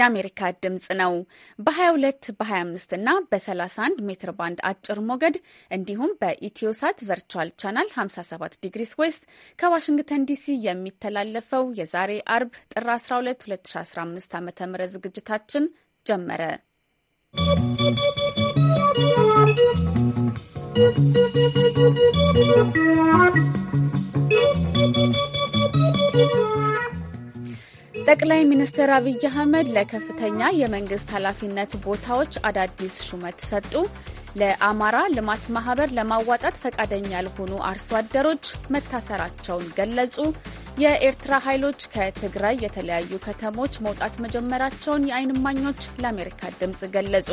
የአሜሪካ ድምፅ ነው። በ22 በ25 እና በ31 ሜትር ባንድ አጭር ሞገድ እንዲሁም በኢትዮሳት ቨርቹዋል ቻናል 57 ዲግሪስ ዌስት ከዋሽንግተን ዲሲ የሚተላለፈው የዛሬ አርብ ጥር 12 2015 ዓ ም ዝግጅታችን ጀመረ። ¶¶ ጠቅላይ ሚኒስትር አብይ አህመድ ለከፍተኛ የመንግስት ኃላፊነት ቦታዎች አዳዲስ ሹመት ሰጡ። ለአማራ ልማት ማህበር ለማዋጣት ፈቃደኛ ያልሆኑ አርሶ አደሮች መታሰራቸውን ገለጹ። የኤርትራ ኃይሎች ከትግራይ የተለያዩ ከተሞች መውጣት መጀመራቸውን የአይን እማኞች ለአሜሪካ ድምፅ ገለጹ።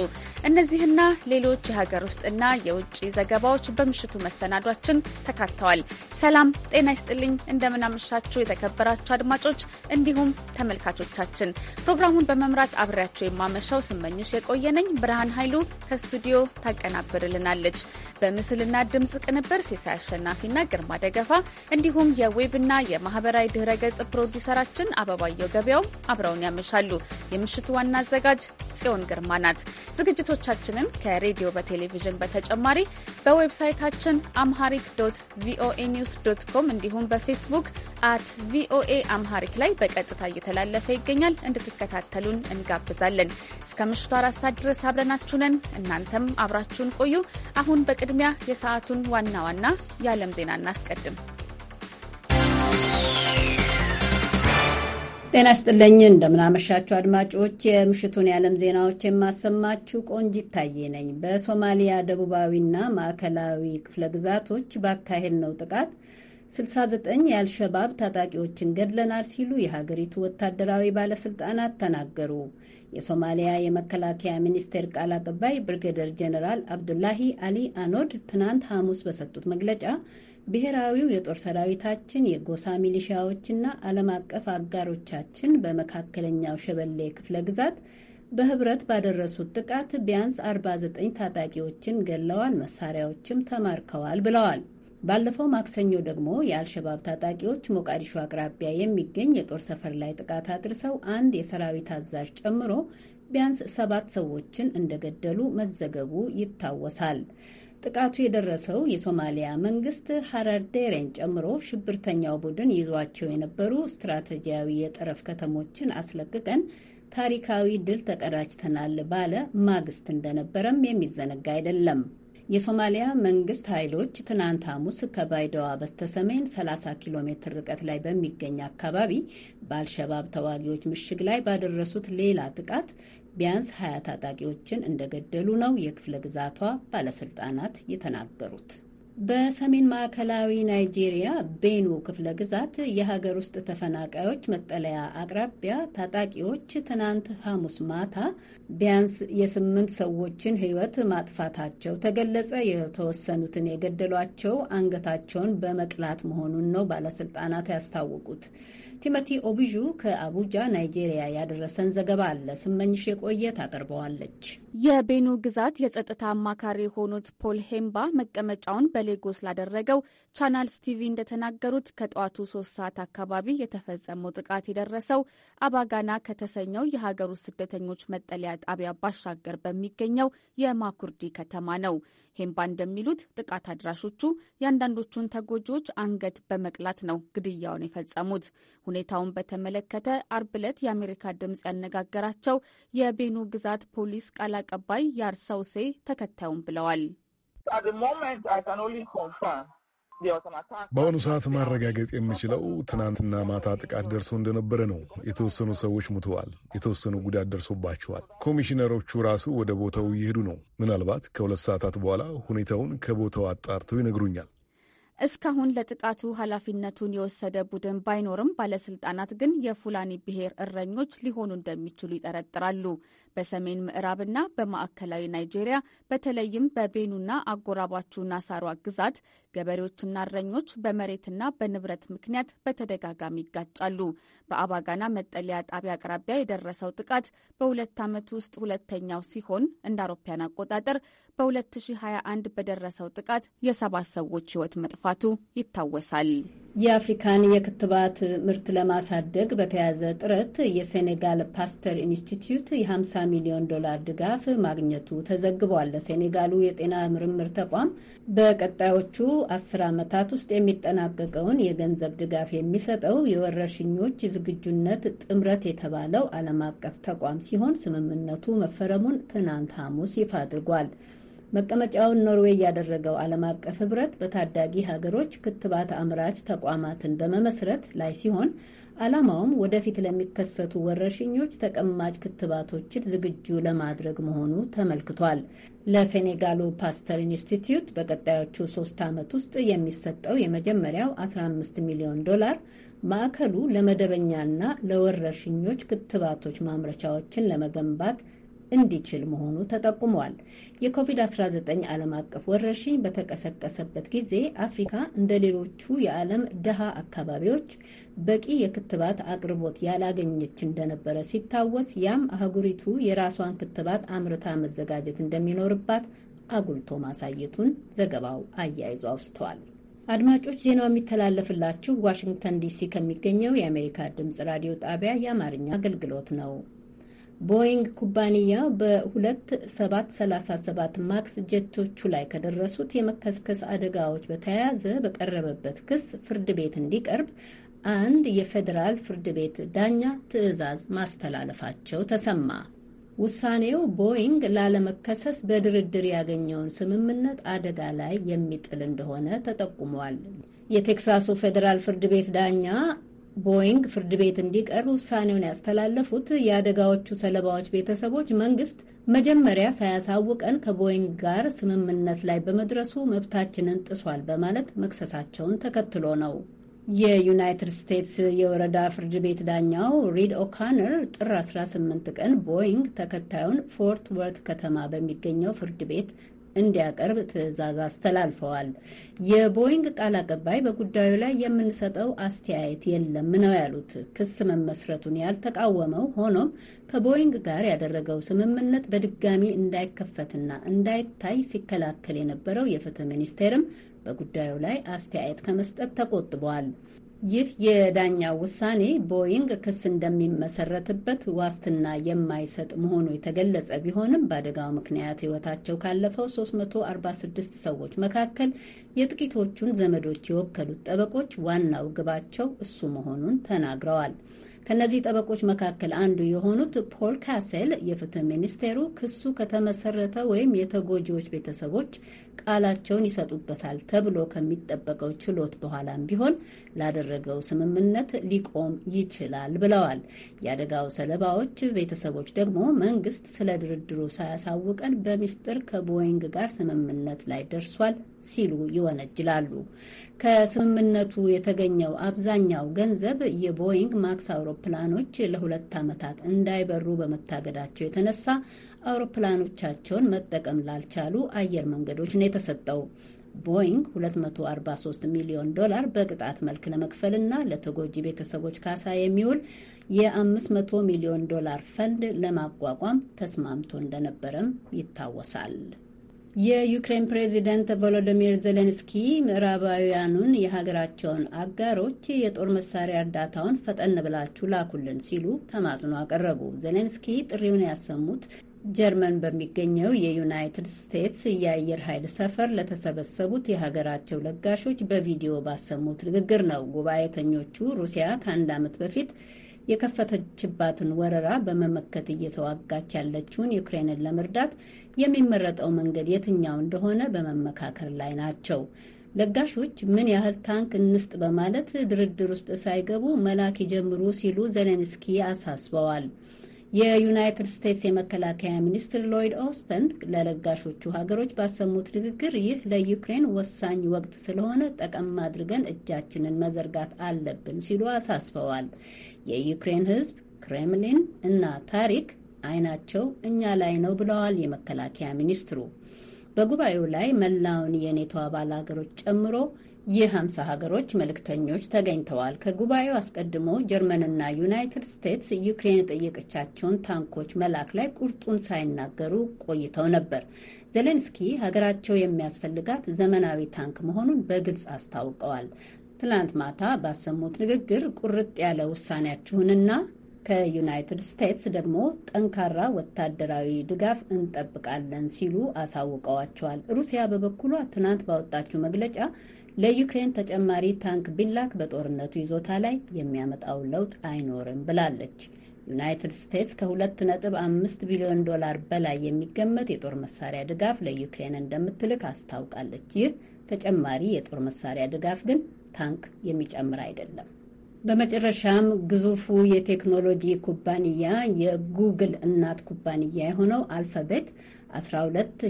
እነዚህና ሌሎች የሀገር ውስጥና የውጭ ዘገባዎች በምሽቱ መሰናዷችን ተካተዋል። ሰላም ጤና ይስጥልኝ። እንደምናመሻችሁ የተከበራችሁ አድማጮች እንዲሁም ተመልካቾቻችን። ፕሮግራሙን በመምራት አብሬያቸው የማመሻው ስመኝሽ የቆየነኝ ብርሃን ኃይሉ ከስቱዲዮ ታቀ ታቀናብርልናለች። በምስልና ድምፅ ቅንብር ሴሳ አሸናፊና ግርማ ደገፋ እንዲሁም የዌብና የማህበራዊ ድህረ ገጽ ፕሮዲውሰራችን አበባየው ገበያውም አብረውን ያመሻሉ። የምሽቱ ዋና አዘጋጅ ጽዮን ግርማ ናት። ዝግጅቶቻችንን ከሬዲዮ በቴሌቪዥን በተጨማሪ በዌብሳይታችን አምሃሪክ ዶት ቪኦኤ ኒውስ ዶት ኮም እንዲሁም በፌስቡክ አት ቪኦኤ አምሃሪክ ላይ በቀጥታ እየተላለፈ ይገኛል። እንድትከታተሉን እንጋብዛለን። እስከ ምሽቱ አራት ሰዓት ድረስ አብረናችሁ ነን። እናንተም አብራችሁ አብራችሁን ቆዩ። አሁን በቅድሚያ የሰዓቱን ዋና ዋና የዓለም ዜና እናስቀድም። ጤና ይስጥልኝ፣ እንደምናመሻችሁ አድማጮች። የምሽቱን የዓለም ዜናዎች የማሰማችሁ ቆንጅ ይታየ ነኝ። በሶማሊያ ደቡባዊና ማዕከላዊ ክፍለ ግዛቶች ባካሄድ ነው ጥቃት 69 የአልሸባብ ታጣቂዎችን ገድለናል ሲሉ የሀገሪቱ ወታደራዊ ባለስልጣናት ተናገሩ። የሶማሊያ የመከላከያ ሚኒስቴር ቃል አቀባይ ብርጋዴር ጀኔራል አብዱላሂ አሊ አኖድ ትናንት ሐሙስ በሰጡት መግለጫ ብሔራዊው የጦር ሰራዊታችን የጎሳ ሚሊሺያዎችና ዓለም አቀፍ አጋሮቻችን በመካከለኛው ሸበሌ ክፍለ ግዛት በህብረት ባደረሱት ጥቃት ቢያንስ 49 ታጣቂዎችን ገለዋል፣ መሳሪያዎችም ተማርከዋል ብለዋል። ባለፈው ማክሰኞ ደግሞ የአልሸባብ ታጣቂዎች ሞቃዲሾ አቅራቢያ የሚገኝ የጦር ሰፈር ላይ ጥቃት አድርሰው አንድ የሰራዊት አዛዥ ጨምሮ ቢያንስ ሰባት ሰዎችን እንደገደሉ መዘገቡ ይታወሳል። ጥቃቱ የደረሰው የሶማሊያ መንግስት ሀረርዴሬን ጨምሮ ሽብርተኛው ቡድን ይዟቸው የነበሩ ስትራቴጂያዊ የጠረፍ ከተሞችን አስለቅቀን ታሪካዊ ድል ተቀዳጅተናል ባለ ማግስት እንደነበረም የሚዘነጋ አይደለም። የሶማሊያ መንግስት ኃይሎች ትናንት ሐሙስ ከባይደዋ በስተሰሜን 30 ኪሎ ሜትር ርቀት ላይ በሚገኝ አካባቢ በአልሸባብ ተዋጊዎች ምሽግ ላይ ባደረሱት ሌላ ጥቃት ቢያንስ 20 ታጣቂዎችን እንደገደሉ ነው የክፍለ ግዛቷ ባለስልጣናት የተናገሩት። በሰሜን ማዕከላዊ ናይጄሪያ ቤኑ ክፍለ ግዛት የሀገር ውስጥ ተፈናቃዮች መጠለያ አቅራቢያ ታጣቂዎች ትናንት ሐሙስ ማታ ቢያንስ የስምንት ሰዎችን ሕይወት ማጥፋታቸው ተገለጸ። የተወሰኑትን የገደሏቸው አንገታቸውን በመቅላት መሆኑን ነው ባለስልጣናት ያስታወቁት። ቲሞቲ ኦቢዡ ከአቡጃ ናይጄሪያ ያደረሰን ዘገባ አለ። ስመኝሽ የቆየ ታቀርበዋለች። የቤኑ ግዛት የጸጥታ አማካሪ የሆኑት ፖል ሄምባ መቀመጫውን በሌጎስ ላደረገው ቻናልስ ቲቪ እንደተናገሩት ከጠዋቱ ሶስት ሰዓት አካባቢ የተፈጸመው ጥቃት የደረሰው አባጋና ከተሰኘው የሀገር ውስጥ ስደተኞች መጠለያ ጣቢያ ባሻገር በሚገኘው የማኩርዲ ከተማ ነው። ሄምባ እንደሚሉት ጥቃት አድራሾቹ የአንዳንዶቹን ተጎጂዎች አንገት በመቅላት ነው ግድያውን የፈጸሙት። ሁኔታውን በተመለከተ አርብ ዕለት የአሜሪካ ድምፅ ያነጋገራቸው የቤኑ ግዛት ፖሊስ ቃል አቀባይ ያርሰውሴ ተከታዩም ብለዋል። በአሁኑ ሰዓት ማረጋገጥ የምችለው ትናንትና ማታ ጥቃት ደርሶ እንደነበረ ነው። የተወሰኑ ሰዎች ሙተዋል፣ የተወሰኑ ጉዳት ደርሶባቸዋል። ኮሚሽነሮቹ ራሱ ወደ ቦታው እየሄዱ ነው። ምናልባት ከሁለት ሰዓታት በኋላ ሁኔታውን ከቦታው አጣርተው ይነግሩኛል። እስካሁን ለጥቃቱ ኃላፊነቱን የወሰደ ቡድን ባይኖርም ባለስልጣናት ግን የፉላኒ ብሔር እረኞች ሊሆኑ እንደሚችሉ ይጠረጥራሉ። በሰሜን ምዕራብና በማዕከላዊ ናይጄሪያ በተለይም በቤኑና አጎራባቹ ናሳሯ ግዛት ገበሬዎችና እረኞች በመሬትና በንብረት ምክንያት በተደጋጋሚ ይጋጫሉ። በአባጋና መጠለያ ጣቢያ አቅራቢያ የደረሰው ጥቃት በሁለት ዓመት ውስጥ ሁለተኛው ሲሆን እንደ አውሮፓያን አቆጣጠር በ2021 በደረሰው ጥቃት የሰባት ሰዎች ሕይወት መጥፋቱ ይታወሳል። የአፍሪካን የክትባት ምርት ለማሳደግ በተያዘ ጥረት የሴኔጋል ፓስተር ኢንስቲትዩት የ50 ሚሊዮን ዶላር ድጋፍ ማግኘቱ ተዘግቧል። ለሴኔጋሉ የጤና ምርምር ተቋም በቀጣዮቹ አስር ዓመታት ውስጥ የሚጠናቀቀውን የገንዘብ ድጋፍ የሚሰጠው የወረርሽኞች ዝግጁነት ጥምረት የተባለው ዓለም አቀፍ ተቋም ሲሆን ስምምነቱ መፈረሙን ትናንት ሐሙስ ይፋ አድርጓል። መቀመጫውን ኖርዌይ ያደረገው ዓለም አቀፍ ህብረት በታዳጊ ሀገሮች ክትባት አምራች ተቋማትን በመመስረት ላይ ሲሆን ዓላማውም ወደፊት ለሚከሰቱ ወረርሽኞች ተቀማጭ ክትባቶችን ዝግጁ ለማድረግ መሆኑ ተመልክቷል። ለሴኔጋሉ ፓስተር ኢንስቲትዩት በቀጣዮቹ ሶስት ዓመት ውስጥ የሚሰጠው የመጀመሪያው 15 ሚሊዮን ዶላር ማዕከሉ ለመደበኛና ለወረርሽኞች ክትባቶች ማምረቻዎችን ለመገንባት እንዲችል መሆኑ ተጠቁሟል። የኮቪድ-19 ዓለም አቀፍ ወረርሽኝ በተቀሰቀሰበት ጊዜ አፍሪካ እንደ ሌሎቹ የዓለም ድሃ አካባቢዎች በቂ የክትባት አቅርቦት ያላገኘች እንደነበረ ሲታወስ፣ ያም አህጉሪቱ የራሷን ክትባት አምርታ መዘጋጀት እንደሚኖርባት አጉልቶ ማሳየቱን ዘገባው አያይዞ አውስተዋል። አድማጮች ዜናው የሚተላለፍላችሁ ዋሽንግተን ዲሲ ከሚገኘው የአሜሪካ ድምፅ ራዲዮ ጣቢያ የአማርኛ አገልግሎት ነው። ቦይንግ ኩባንያ በ2737 ማክስ ጀቶቹ ላይ ከደረሱት የመከስከስ አደጋዎች በተያያዘ በቀረበበት ክስ ፍርድ ቤት እንዲቀርብ አንድ የፌዴራል ፍርድ ቤት ዳኛ ትዕዛዝ ማስተላለፋቸው ተሰማ። ውሳኔው ቦይንግ ላለመከሰስ በድርድር ያገኘውን ስምምነት አደጋ ላይ የሚጥል እንደሆነ ተጠቁሟል። የቴክሳሱ ፌዴራል ፍርድ ቤት ዳኛ ቦይንግ ፍርድ ቤት እንዲቀርብ ውሳኔውን ያስተላለፉት የአደጋዎቹ ሰለባዎች ቤተሰቦች መንግስት መጀመሪያ ሳያሳውቀን ከቦይንግ ጋር ስምምነት ላይ በመድረሱ መብታችንን ጥሷል በማለት መክሰሳቸውን ተከትሎ ነው። የዩናይትድ ስቴትስ የወረዳ ፍርድ ቤት ዳኛው ሪድ ኦካነር ጥር 18 ቀን ቦይንግ ተከታዩን ፎርት ወርት ከተማ በሚገኘው ፍርድ ቤት እንዲያቀርብ ትዕዛዝ አስተላልፈዋል። የቦይንግ ቃል አቀባይ በጉዳዩ ላይ የምንሰጠው አስተያየት የለም ነው ያሉት። ክስ መመስረቱን ያልተቃወመው ሆኖም ከቦይንግ ጋር ያደረገው ስምምነት በድጋሚ እንዳይከፈትና እንዳይታይ ሲከላከል የነበረው የፍትህ ሚኒስቴርም በጉዳዩ ላይ አስተያየት ከመስጠት ተቆጥቧል። ይህ የዳኛው ውሳኔ ቦይንግ ክስ እንደሚመሰረትበት ዋስትና የማይሰጥ መሆኑ የተገለጸ ቢሆንም በአደጋው ምክንያት ሕይወታቸው ካለፈው 346 ሰዎች መካከል የጥቂቶቹን ዘመዶች የወከሉት ጠበቆች ዋናው ግባቸው እሱ መሆኑን ተናግረዋል። ከእነዚህ ጠበቆች መካከል አንዱ የሆኑት ፖል ካሴል የፍትህ ሚኒስቴሩ ክሱ ከተመሰረተ ወይም የተጎጂዎች ቤተሰቦች ቃላቸውን ይሰጡበታል ተብሎ ከሚጠበቀው ችሎት በኋላም ቢሆን ላደረገው ስምምነት ሊቆም ይችላል ብለዋል። የአደጋው ሰለባዎች ቤተሰቦች ደግሞ መንግስት ስለ ድርድሩ ሳያሳውቀን በሚስጥር ከቦይንግ ጋር ስምምነት ላይ ደርሷል ሲሉ ይወነጅላሉ። ከስምምነቱ የተገኘው አብዛኛው ገንዘብ የቦይንግ ማክስ አውሮፕላኖች ለሁለት ዓመታት እንዳይበሩ በመታገዳቸው የተነሳ አውሮፕላኖቻቸውን መጠቀም ላልቻሉ አየር መንገዶች ነው የተሰጠው። ቦይንግ 243 ሚሊዮን ዶላር በቅጣት መልክ ለመክፈልና ለተጎጂ ቤተሰቦች ካሳ የሚውል የ500 ሚሊዮን ዶላር ፈንድ ለማቋቋም ተስማምቶ እንደነበረም ይታወሳል። የዩክሬን ፕሬዚደንት ቮሎዲሚር ዜሌንስኪ ምዕራባውያኑን የሀገራቸውን አጋሮች የጦር መሳሪያ እርዳታውን ፈጠን ብላችሁ ላኩልን ሲሉ ተማጽኖ አቀረቡ። ዜሌንስኪ ጥሪውን ያሰሙት ጀርመን በሚገኘው የዩናይትድ ስቴትስ የአየር ኃይል ሰፈር ለተሰበሰቡት የሀገራቸው ለጋሾች በቪዲዮ ባሰሙት ንግግር ነው። ጉባኤተኞቹ ሩሲያ ከአንድ ዓመት በፊት የከፈተችባትን ወረራ በመመከት እየተዋጋች ያለችውን ዩክሬንን ለመርዳት የሚመረጠው መንገድ የትኛው እንደሆነ በመመካከር ላይ ናቸው። ለጋሾች ምን ያህል ታንክ እንስጥ በማለት ድርድር ውስጥ ሳይገቡ መላክ ይጀምሩ ሲሉ ዘሌንስኪ አሳስበዋል። የዩናይትድ ስቴትስ የመከላከያ ሚኒስትር ሎይድ ኦስተን ለለጋሾቹ ሀገሮች ባሰሙት ንግግር ይህ ለዩክሬን ወሳኝ ወቅት ስለሆነ ጠቀም አድርገን እጃችንን መዘርጋት አለብን ሲሉ አሳስበዋል። የዩክሬን ሕዝብ፣ ክሬምሊን እና ታሪክ አይናቸው እኛ ላይ ነው ብለዋል የመከላከያ ሚኒስትሩ። በጉባኤው ላይ መላውን የኔቶ አባል ሀገሮች ጨምሮ የ50 ሀገሮች መልእክተኞች ተገኝተዋል። ከጉባኤው አስቀድሞ ጀርመንና ዩናይትድ ስቴትስ ዩክሬን የጠየቀቻቸውን ታንኮች መላክ ላይ ቁርጡን ሳይናገሩ ቆይተው ነበር። ዜሌንስኪ ሀገራቸው የሚያስፈልጋት ዘመናዊ ታንክ መሆኑን በግልጽ አስታውቀዋል። ትላንት ማታ ባሰሙት ንግግር ቁርጥ ያለ ውሳኔያችሁንና ከዩናይትድ ስቴትስ ደግሞ ጠንካራ ወታደራዊ ድጋፍ እንጠብቃለን ሲሉ አሳውቀዋቸዋል። ሩሲያ በበኩሏ ትናንት ባወጣችው መግለጫ ለዩክሬን ተጨማሪ ታንክ ቢላክ በጦርነቱ ይዞታ ላይ የሚያመጣው ለውጥ አይኖርም ብላለች። ዩናይትድ ስቴትስ ከሁለት ነጥብ አምስት ቢሊዮን ዶላር በላይ የሚገመት የጦር መሳሪያ ድጋፍ ለዩክሬን እንደምትልክ አስታውቃለች። ይህ ተጨማሪ የጦር መሳሪያ ድጋፍ ግን ታንክ የሚጨምር አይደለም። በመጨረሻም ግዙፉ የቴክኖሎጂ ኩባንያ የጉግል እናት ኩባንያ የሆነው አልፋቤት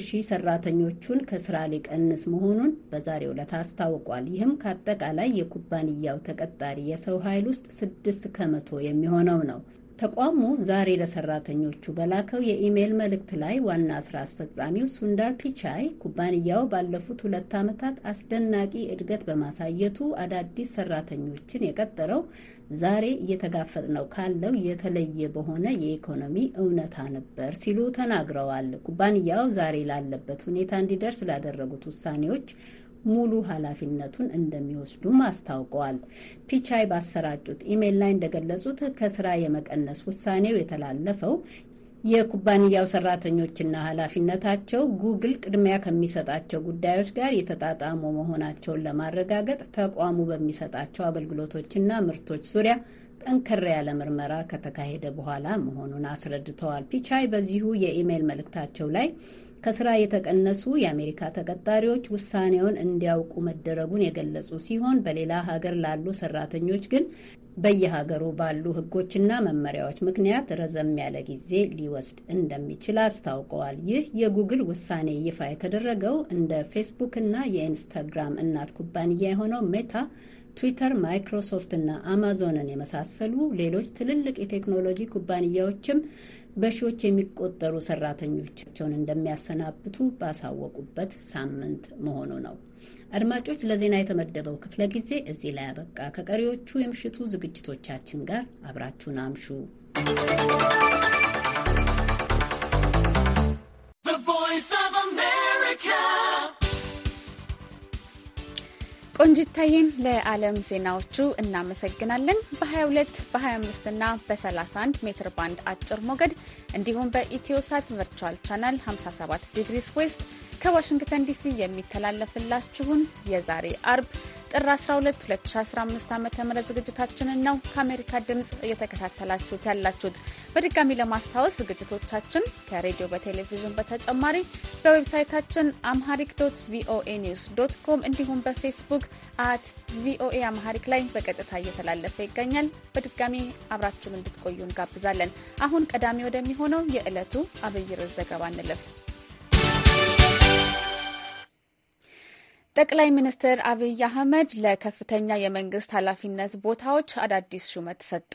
ሺህ ሰራተኞቹን ከስራ ሊቀንስ መሆኑን በዛሬው ዕለት አስታውቋል። ይህም ከአጠቃላይ የኩባንያው ተቀጣሪ የሰው ኃይል ውስጥ 6 ከመቶ የሚሆነው ነው። ተቋሙ ዛሬ ለሰራተኞቹ በላከው የኢሜይል መልእክት ላይ ዋና ስራ አስፈጻሚው ሱንዳር ፒቻይ ኩባንያው ባለፉት ሁለት ዓመታት አስደናቂ እድገት በማሳየቱ አዳዲስ ሰራተኞችን የቀጠረው ዛሬ እየተጋፈጥ ነው ካለው የተለየ በሆነ የኢኮኖሚ እውነታ ነበር ሲሉ ተናግረዋል። ኩባንያው ዛሬ ላለበት ሁኔታ እንዲደርስ ላደረጉት ውሳኔዎች ሙሉ ኃላፊነቱን እንደሚወስዱም አስታውቀዋል። ፒቻይ ባሰራጩት ኢሜይል ላይ እንደገለጹት ከስራ የመቀነስ ውሳኔው የተላለፈው የኩባንያው ሰራተኞችና ኃላፊነታቸው ጉግል ቅድሚያ ከሚሰጣቸው ጉዳዮች ጋር የተጣጣሙ መሆናቸውን ለማረጋገጥ ተቋሙ በሚሰጣቸው አገልግሎቶችና ምርቶች ዙሪያ ጠንከር ያለ ምርመራ ከተካሄደ በኋላ መሆኑን አስረድተዋል። ፒቻይ በዚሁ የኢሜይል መልእክታቸው ላይ ከስራ የተቀነሱ የአሜሪካ ተቀጣሪዎች ውሳኔውን እንዲያውቁ መደረጉን የገለጹ ሲሆን በሌላ ሀገር ላሉ ሰራተኞች ግን በየሀገሩ ባሉ ህጎችና መመሪያዎች ምክንያት ረዘም ያለ ጊዜ ሊወስድ እንደሚችል አስታውቀዋል። ይህ የጉግል ውሳኔ ይፋ የተደረገው እንደ ፌስቡክ እና የኢንስታግራም እናት ኩባንያ የሆነው ሜታ ትዊተር፣ ማይክሮሶፍት እና አማዞንን የመሳሰሉ ሌሎች ትልልቅ የቴክኖሎጂ ኩባንያዎችም በሺዎች የሚቆጠሩ ሰራተኞቻቸውን እንደሚያሰናብቱ ባሳወቁበት ሳምንት መሆኑ ነው። አድማጮች፣ ለዜና የተመደበው ክፍለ ጊዜ እዚህ ላይ አበቃ። ከቀሪዎቹ የምሽቱ ዝግጅቶቻችን ጋር አብራችሁን አምሹ። ቆንጅታዬን ለዓለም ዜናዎቹ እናመሰግናለን። በ22 በ25 እና በ31 ሜትር ባንድ አጭር ሞገድ እንዲሁም በኢትዮሳት ቨርቹዋል ቻናል 57 ዲግሪስ ዌስት ከዋሽንግተን ዲሲ የሚተላለፍላችሁን የዛሬ አርብ ጥር 12 2015 ዓ ም ዝግጅታችንን ነው ከአሜሪካ ድምፅ እየተከታተላችሁት ያላችሁት። በድጋሚ ለማስታወስ ዝግጅቶቻችን ከሬዲዮ በቴሌቪዥን በተጨማሪ በዌብሳይታችን አምሃሪክ ዶት ቪኦኤ ኒውስ ዶት ኮም እንዲሁም በፌስቡክ አት ቪኦኤ አምሃሪክ ላይ በቀጥታ እየተላለፈ ይገኛል። በድጋሚ አብራችሁን እንድትቆዩ እንጋብዛለን። አሁን ቀዳሚ ወደሚሆነው የዕለቱ አብይ ርዕስ ዘገባ እንለፍ። ጠቅላይ ሚኒስትር አብይ አህመድ ለከፍተኛ የመንግስት ኃላፊነት ቦታዎች አዳዲስ ሹመት ሰጡ።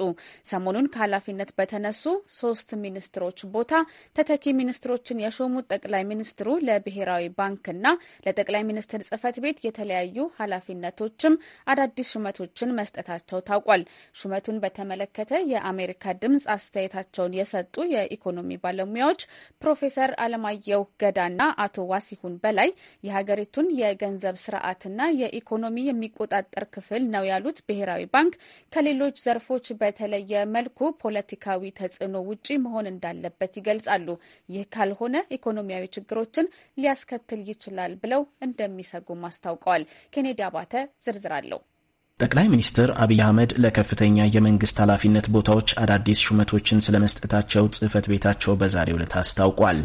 ሰሞኑን ከኃላፊነት በተነሱ ሶስት ሚኒስትሮች ቦታ ተተኪ ሚኒስትሮችን የሾሙት ጠቅላይ ሚኒስትሩ ለብሔራዊ ባንክና ለጠቅላይ ሚኒስትር ጽህፈት ቤት የተለያዩ ኃላፊነቶችም አዳዲስ ሹመቶችን መስጠታቸው ታውቋል። ሹመቱን በተመለከተ የአሜሪካ ድምፅ አስተያየታቸውን የሰጡ የኢኮኖሚ ባለሙያዎች ፕሮፌሰር አለማየሁ ገዳና አቶ ዋሲሁን በላይ የሀገሪቱን የገንዘብ የገንዘብ ስርዓትና የኢኮኖሚ የሚቆጣጠር ክፍል ነው ያሉት ብሔራዊ ባንክ ከሌሎች ዘርፎች በተለየ መልኩ ፖለቲካዊ ተጽዕኖ ውጪ መሆን እንዳለበት ይገልጻሉ። ይህ ካልሆነ ኢኮኖሚያዊ ችግሮችን ሊያስከትል ይችላል ብለው እንደሚሰጉም አስታውቀዋል። ኬኔዲ አባተ ዝርዝር አለው። ጠቅላይ ሚኒስትር አብይ አህመድ ለከፍተኛ የመንግስት ኃላፊነት ቦታዎች አዳዲስ ሹመቶችን ስለመስጠታቸው ጽህፈት ቤታቸው በዛሬው ዕለት አስታውቋል።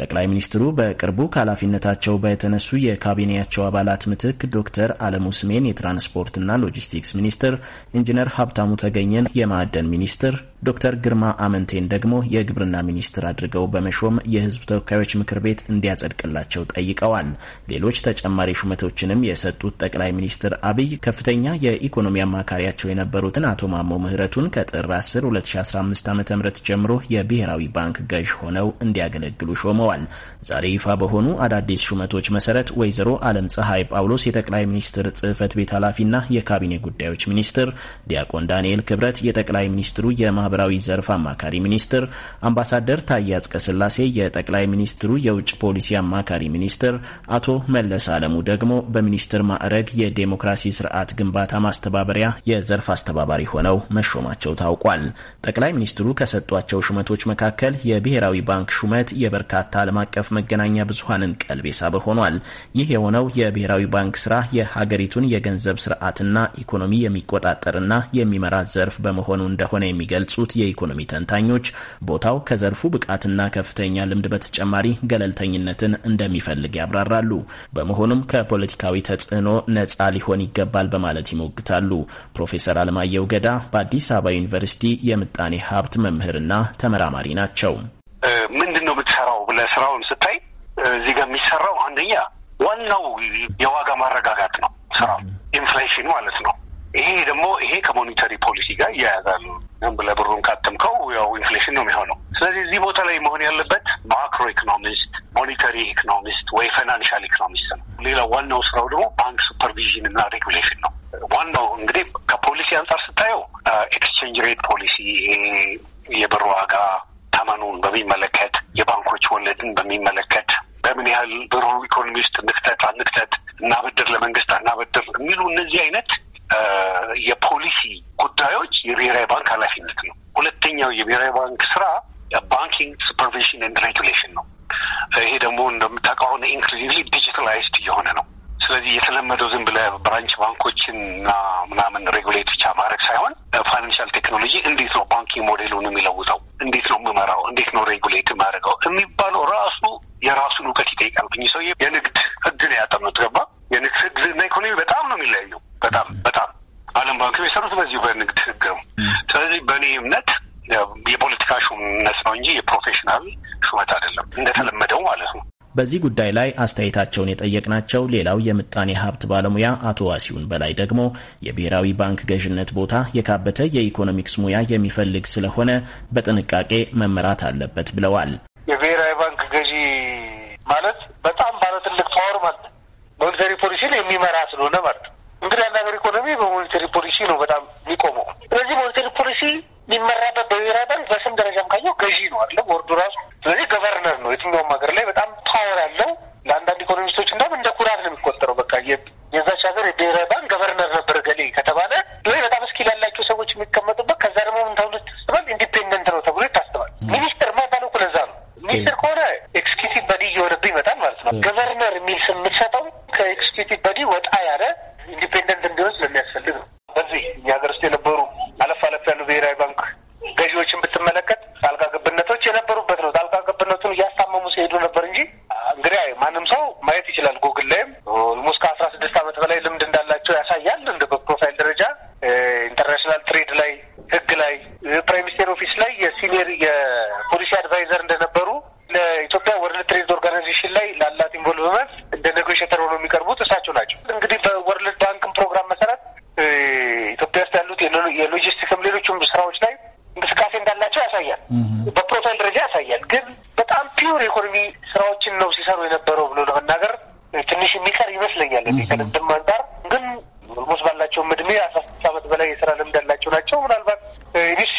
ጠቅላይ ሚኒስትሩ በቅርቡ ከኃላፊነታቸው በተነሱ የካቢኔያቸው አባላት ምትክ ዶክተር አለሙ ስሜን የትራንስፖርትና ሎጂስቲክስ ሚኒስትር፣ ኢንጂነር ሀብታሙ ተገኘን የማዕደን ሚኒስትር ዶክተር ግርማ አመንቴን ደግሞ የግብርና ሚኒስትር አድርገው በመሾም የህዝብ ተወካዮች ምክር ቤት እንዲያጸድቅላቸው ጠይቀዋል። ሌሎች ተጨማሪ ሹመቶችንም የሰጡት ጠቅላይ ሚኒስትር አብይ ከፍተኛ የኢኮኖሚ አማካሪያቸው የነበሩትን አቶ ማሞ ምህረቱን ከጥር 10 2015 ዓ ም ጀምሮ የብሔራዊ ባንክ ገዥ ሆነው እንዲያገለግሉ ሾመዋል። ዛሬ ይፋ በሆኑ አዳዲስ ሹመቶች መሰረት ወይዘሮ አለም ፀሐይ ጳውሎስ የጠቅላይ ሚኒስትር ጽህፈት ቤት ኃላፊና የካቢኔ ጉዳዮች ሚኒስትር፣ ዲያቆን ዳንኤል ክብረት የጠቅላይ ሚኒስትሩ የማህበ ማህበራዊ ዘርፍ አማካሪ ሚኒስትር አምባሳደር ታዬ አጽቀሥላሴ፣ የጠቅላይ ሚኒስትሩ የውጭ ፖሊሲ አማካሪ ሚኒስትር አቶ መለስ አለሙ ደግሞ በሚኒስትር ማዕረግ የዴሞክራሲ ስርዓት ግንባታ ማስተባበሪያ የዘርፍ አስተባባሪ ሆነው መሾማቸው ታውቋል። ጠቅላይ ሚኒስትሩ ከሰጧቸው ሹመቶች መካከል የብሔራዊ ባንክ ሹመት የበርካታ ዓለም አቀፍ መገናኛ ብዙሀንን ቀልብ የሳበ ሆኗል። ይህ የሆነው የብሔራዊ ባንክ ስራ የሀገሪቱን የገንዘብ ስርዓትና ኢኮኖሚ የሚቆጣጠርና የሚመራ ዘርፍ በመሆኑ እንደሆነ የሚገልጹ የሚያነሱት የኢኮኖሚ ተንታኞች ቦታው ከዘርፉ ብቃትና ከፍተኛ ልምድ በተጨማሪ ገለልተኝነትን እንደሚፈልግ ያብራራሉ። በመሆኑም ከፖለቲካዊ ተጽዕኖ ነፃ ሊሆን ይገባል በማለት ይሞግታሉ። ፕሮፌሰር አለማየሁ ገዳ በአዲስ አበባ ዩኒቨርሲቲ የምጣኔ ሀብት መምህርና ተመራማሪ ናቸው። ምንድን ነው የምትሰራው ብለህ ስራውን ስታይ እዚህ ጋር የሚሰራው አንደኛ ዋናው የዋጋ ማረጋጋት ነው ስራው ኢንፍሌሽን ማለት ነው። ይሄ ደግሞ ይሄ ከሞኒተሪ ፖሊሲ ጋር እያያዛል ዝም ብለህ ብሩን ካተምከው ያው ኢንፍሌሽን ነው የሚሆነው። ስለዚህ እዚህ ቦታ ላይ መሆን ያለበት ማክሮ ኢኮኖሚስት፣ ሞኒተሪ ኢኮኖሚስት ወይ ፋይናንሻል ኢኮኖሚስት ነው። ሌላ ዋናው ስራው ደግሞ ባንክ ሱፐርቪዥን እና ሬጉሌሽን ነው። ዋናው እንግዲህ ከፖሊሲ አንጻር ስታየው ኤክስቼንጅ ሬት ፖሊሲ፣ የብር ዋጋ ተመኑን በሚመለከት የባንኮች ወለድን በሚመለከት በምን ያህል ብሩ ኢኮኖሚ ውስጥ ንክተት አንክተት፣ እናበድር ለመንግስት አናበድር የሚሉ እነዚህ አይነት የፖሊሲ ጉዳዮች የብሔራዊ ባንክ ኃላፊነት ነው። ሁለተኛው የብሔራዊ ባንክ ስራ ባንኪንግ ሱፐርቪዥን ኤንድ ሬጉሌሽን ነው። ይሄ ደግሞ እንደምታውቀው አሁን ኢንክሉዚቭሊ ዲጂታላይዝድ እየሆነ ነው። ስለዚህ የተለመደው ዝም ብለ ብራንች ባንኮችን እና ምናምን ሬጉሌት ብቻ ማድረግ ሳይሆን ፋይናንሻል ቴክኖሎጂ እንዴት ነው ባንኪንግ ሞዴሉን የሚለውጠው፣ እንዴት ነው የምመራው፣ እንዴት ነው ሬጉሌት የማደርገው የሚባለው ራሱ የራሱን እውቀት ይጠይቃል። ሰው በዚህ ጉዳይ ላይ አስተያየታቸውን የጠየቅናቸው ሌላው የምጣኔ ሀብት ባለሙያ አቶ ዋሲሁን በላይ ደግሞ የብሔራዊ ባንክ ገዥነት ቦታ የካበተ የኢኮኖሚክስ ሙያ የሚፈልግ ስለሆነ በጥንቃቄ መመራት አለበት ብለዋል። የብሔራዊ ባንክ ገዢ ማለት በጣም ባለትልቅ ፓወር ማለት ሞኔተሪ ፖሊሲን የሚመራ ስለሆነ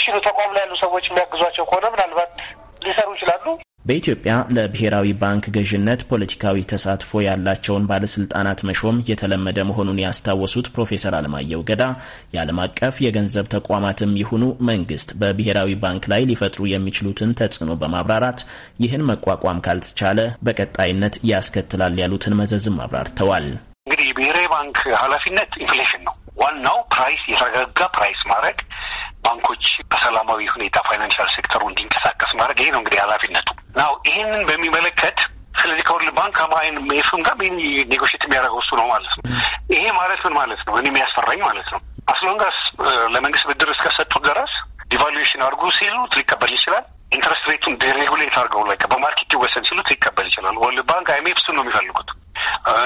የሚችሉ ተቋም ላይ ያሉ ሰዎች የሚያግዟቸው ከሆነ ምናልባት ሊሰሩ ይችላሉ። በኢትዮጵያ ለብሔራዊ ባንክ ገዥነት ፖለቲካዊ ተሳትፎ ያላቸውን ባለስልጣናት መሾም የተለመደ መሆኑን ያስታወሱት ፕሮፌሰር አለማየሁ ገዳ የዓለም አቀፍ የገንዘብ ተቋማትም ይሁኑ መንግስት በብሔራዊ ባንክ ላይ ሊፈጥሩ የሚችሉትን ተጽዕኖ በማብራራት ይህን መቋቋም ካልተቻለ በቀጣይነት ያስከትላል ያሉትን መዘዝም አብራርተዋል። እንግዲህ የብሔራዊ ባንክ ኃላፊነት ኢንፍሌሽን ነው። ዋናው ፕራይስ የተረጋጋ ፕራይስ ማድረግ፣ ባንኮች በሰላማዊ ሁኔታ ፋይናንሻል ሴክተሩ እንዲንቀሳቀስ ማድረግ፣ ይሄ ነው እንግዲህ ኃላፊነቱ ናው ይህንን በሚመለከት ስለዚህ ከወርልድ ባንክ አማይን ሜፍም ጋር ይህን ኔጎሽት የሚያደርገው እሱ ነው ማለት ነው። ይሄ ማለት ምን ማለት ነው? እኔ የሚያስፈራኝ ማለት ነው። አስሎንጋስ ለመንግስት ብድር እስከሰጡ ድረስ ዲቫሉዌሽን አድርጉ ሲሉት ሊቀበል ይችላል። ኢንትረስት ሬቱን ዲሬጉሌት አድርገው ላይ በማርኬት ይወሰን ሲሉት ሊቀበል ይችላል። ወርልድ ባንክ አይሜፍ እሱን ነው የሚፈልጉት።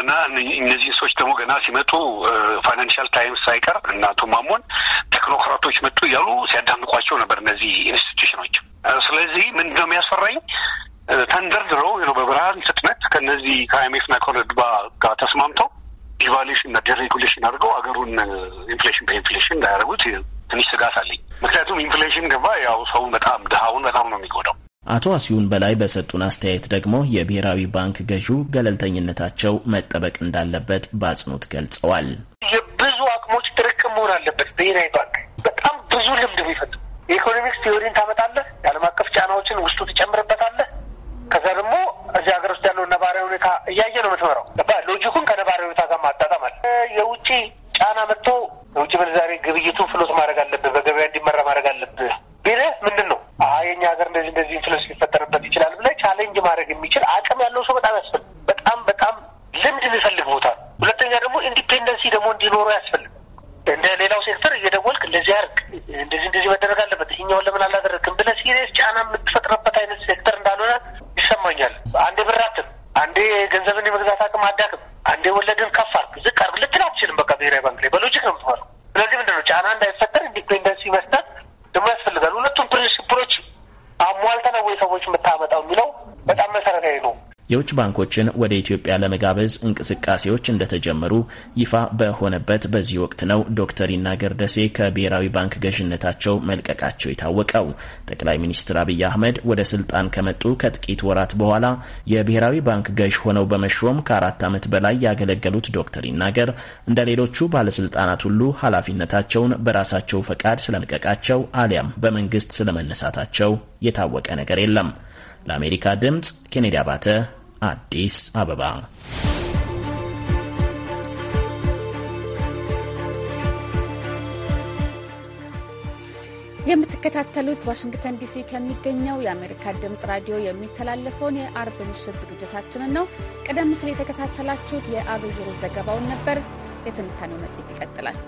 እና እነዚህ ሰዎች ደግሞ ገና ሲመጡ ፋይናንሻል ታይምስ ሳይቀር እና አቶ ማሞን ቴክኖክራቶች መጡ እያሉ ሲያዳምቋቸው ነበር እነዚህ ኢንስቲቱሽኖች። ስለዚህ ምንድን ነው የሚያስፈራኝ ተንደርድረው ነው በብርሃን ፍጥነት ከነዚህ ከአይምኤፍ እና ከወለድባ ጋር ተስማምተው ዲቫሌሽን እና ዲሬጉሌሽን አድርገው ሀገሩን ኢንፍሌሽን በኢንፍሌሽን እንዳያደርጉት ትንሽ ስጋት አለኝ። ምክንያቱም ኢንፍሌሽን ገባ ያው ሰውን በጣም ድሃውን በጣም ነው የሚጎዳው። አቶ አስዩን በላይ በሰጡን አስተያየት ደግሞ የብሔራዊ ባንክ ገዢው ገለልተኝነታቸው መጠበቅ እንዳለበት በአጽንኦት ገልጸዋል። የብዙ አቅሞች ጥርቅም መሆን አለበት። ብሔራዊ ባንክ በጣም ብዙ ልምድ ይፈጥ የኢኮኖሚክስ ቴዎሪን ታመጣለህ፣ የዓለም አቀፍ ጫናዎችን ውስጡ ትጨምርበታለህ። ከዛ ደግሞ እዚህ ሀገር ውስጥ ያለው ነባራዊ ሁኔታ እያየ ነው የምትመራው። ሎጂኩን ከነባራዊ ሁኔታ ጋር ማጣጣም አለ። የውጭ ጫና መጥቶ የውጭ ምንዛሬ ግብይቱን ፍሎት ማድረግ አለብህ፣ በገበያ እንዲመራ ማድረግ አለብህ ቢልህ ምንድን ነው የኛ ሀገር እንደዚህ እንደዚህ ኢንፍሉንስ ሊፈጠርበት ይችላል ብለህ ቻሌንጅ ማድረግ የሚችል አቅም ያለው ሰው በጣም ያስፈልግ በጣም በጣም ልምድ የሚፈልግ ቦታ ሁለተኛ ደግሞ ኢንዲፔንደንሲ ደግሞ እንዲኖረው ያስፈልግ እንደ ሌላው ሴክተር እየደወልክ እንደዚህ አድርግ፣ እንደዚህ እንደዚህ መደረግ አለበት፣ ይኸኛውን ለምን አላደረግም ብለህ ሲሪየስ ጫና የምትፈጥረበት አይነት ሴክተር እንዳልሆነ ይሰማኛል። አንዴ ብራትም አንዴ ገንዘብን የመግዛት አቅም አዳክም፣ አንዴ ወለድን ከፍ አድርግ ዝቅ አድርግ ልትል አትችልም። በቃ ብሔራዊ ባንክ ላይ የውጭ ባንኮችን ወደ ኢትዮጵያ ለመጋበዝ እንቅስቃሴዎች እንደተጀመሩ ይፋ በሆነበት በዚህ ወቅት ነው ዶክተር ይናገር ደሴ ከብሔራዊ ባንክ ገዥነታቸው መልቀቃቸው የታወቀው። ጠቅላይ ሚኒስትር አብይ አህመድ ወደ ስልጣን ከመጡ ከጥቂት ወራት በኋላ የብሔራዊ ባንክ ገዥ ሆነው በመሾም ከአራት ዓመት በላይ ያገለገሉት ዶክተር ይናገር እንደ ሌሎቹ ባለስልጣናት ሁሉ ኃላፊነታቸውን በራሳቸው ፈቃድ ስለመልቀቃቸው አሊያም በመንግስት ስለመነሳታቸው የታወቀ ነገር የለም። ለአሜሪካ ድምፅ ኬኔዲ አባተ አዲስ አበባ። የምትከታተሉት ዋሽንግተን ዲሲ ከሚገኘው የአሜሪካ ድምፅ ራዲዮ የሚተላለፈውን የአርብ ምሽት ዝግጅታችንን ነው። ቀደም ሲል የተከታተላችሁት የአብይር ዘገባውን ነበር። የትንታኔው መጽሔት ይቀጥላል።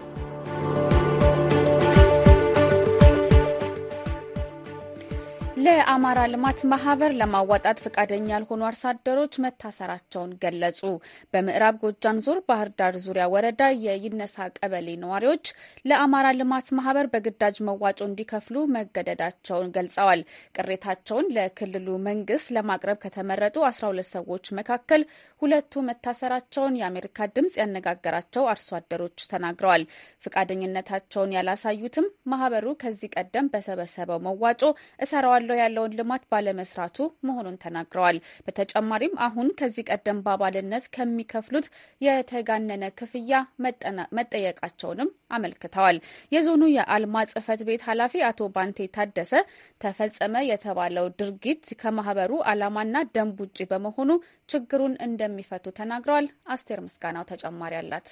ለአማራ ልማት ማህበር ለማዋጣት ፈቃደኛ ያልሆኑ አርሶ አደሮች መታሰራቸውን ገለጹ። በምዕራብ ጎጃም ዞር ባህር ዳር ዙሪያ ወረዳ የይነሳ ቀበሌ ነዋሪዎች ለአማራ ልማት ማህበር በግዳጅ መዋጮ እንዲከፍሉ መገደዳቸውን ገልጸዋል። ቅሬታቸውን ለክልሉ መንግስት ለማቅረብ ከተመረጡ 12 ሰዎች መካከል ሁለቱ መታሰራቸውን የአሜሪካ ድምጽ ያነጋገራቸው አርሶ አደሮች ተናግረዋል። ፈቃደኝነታቸውን ያላሳዩትም ማህበሩ ከዚህ ቀደም በሰበሰበው መዋጮ እሰራዋለሁ እየተከተለው ያለውን ልማት ባለመስራቱ መሆኑን ተናግረዋል። በተጨማሪም አሁን ከዚህ ቀደም በአባልነት ከሚከፍሉት የተጋነነ ክፍያ መጠየቃቸውንም አመልክተዋል። የዞኑ የአልማ ጽህፈት ቤት ኃላፊ አቶ ባንቴ ታደሰ ተፈጸመ የተባለው ድርጊት ከማህበሩ አላማና ደንብ ውጪ በመሆኑ ችግሩን እንደሚፈቱ ተናግረዋል። አስቴር ምስጋናው ተጨማሪ አላት።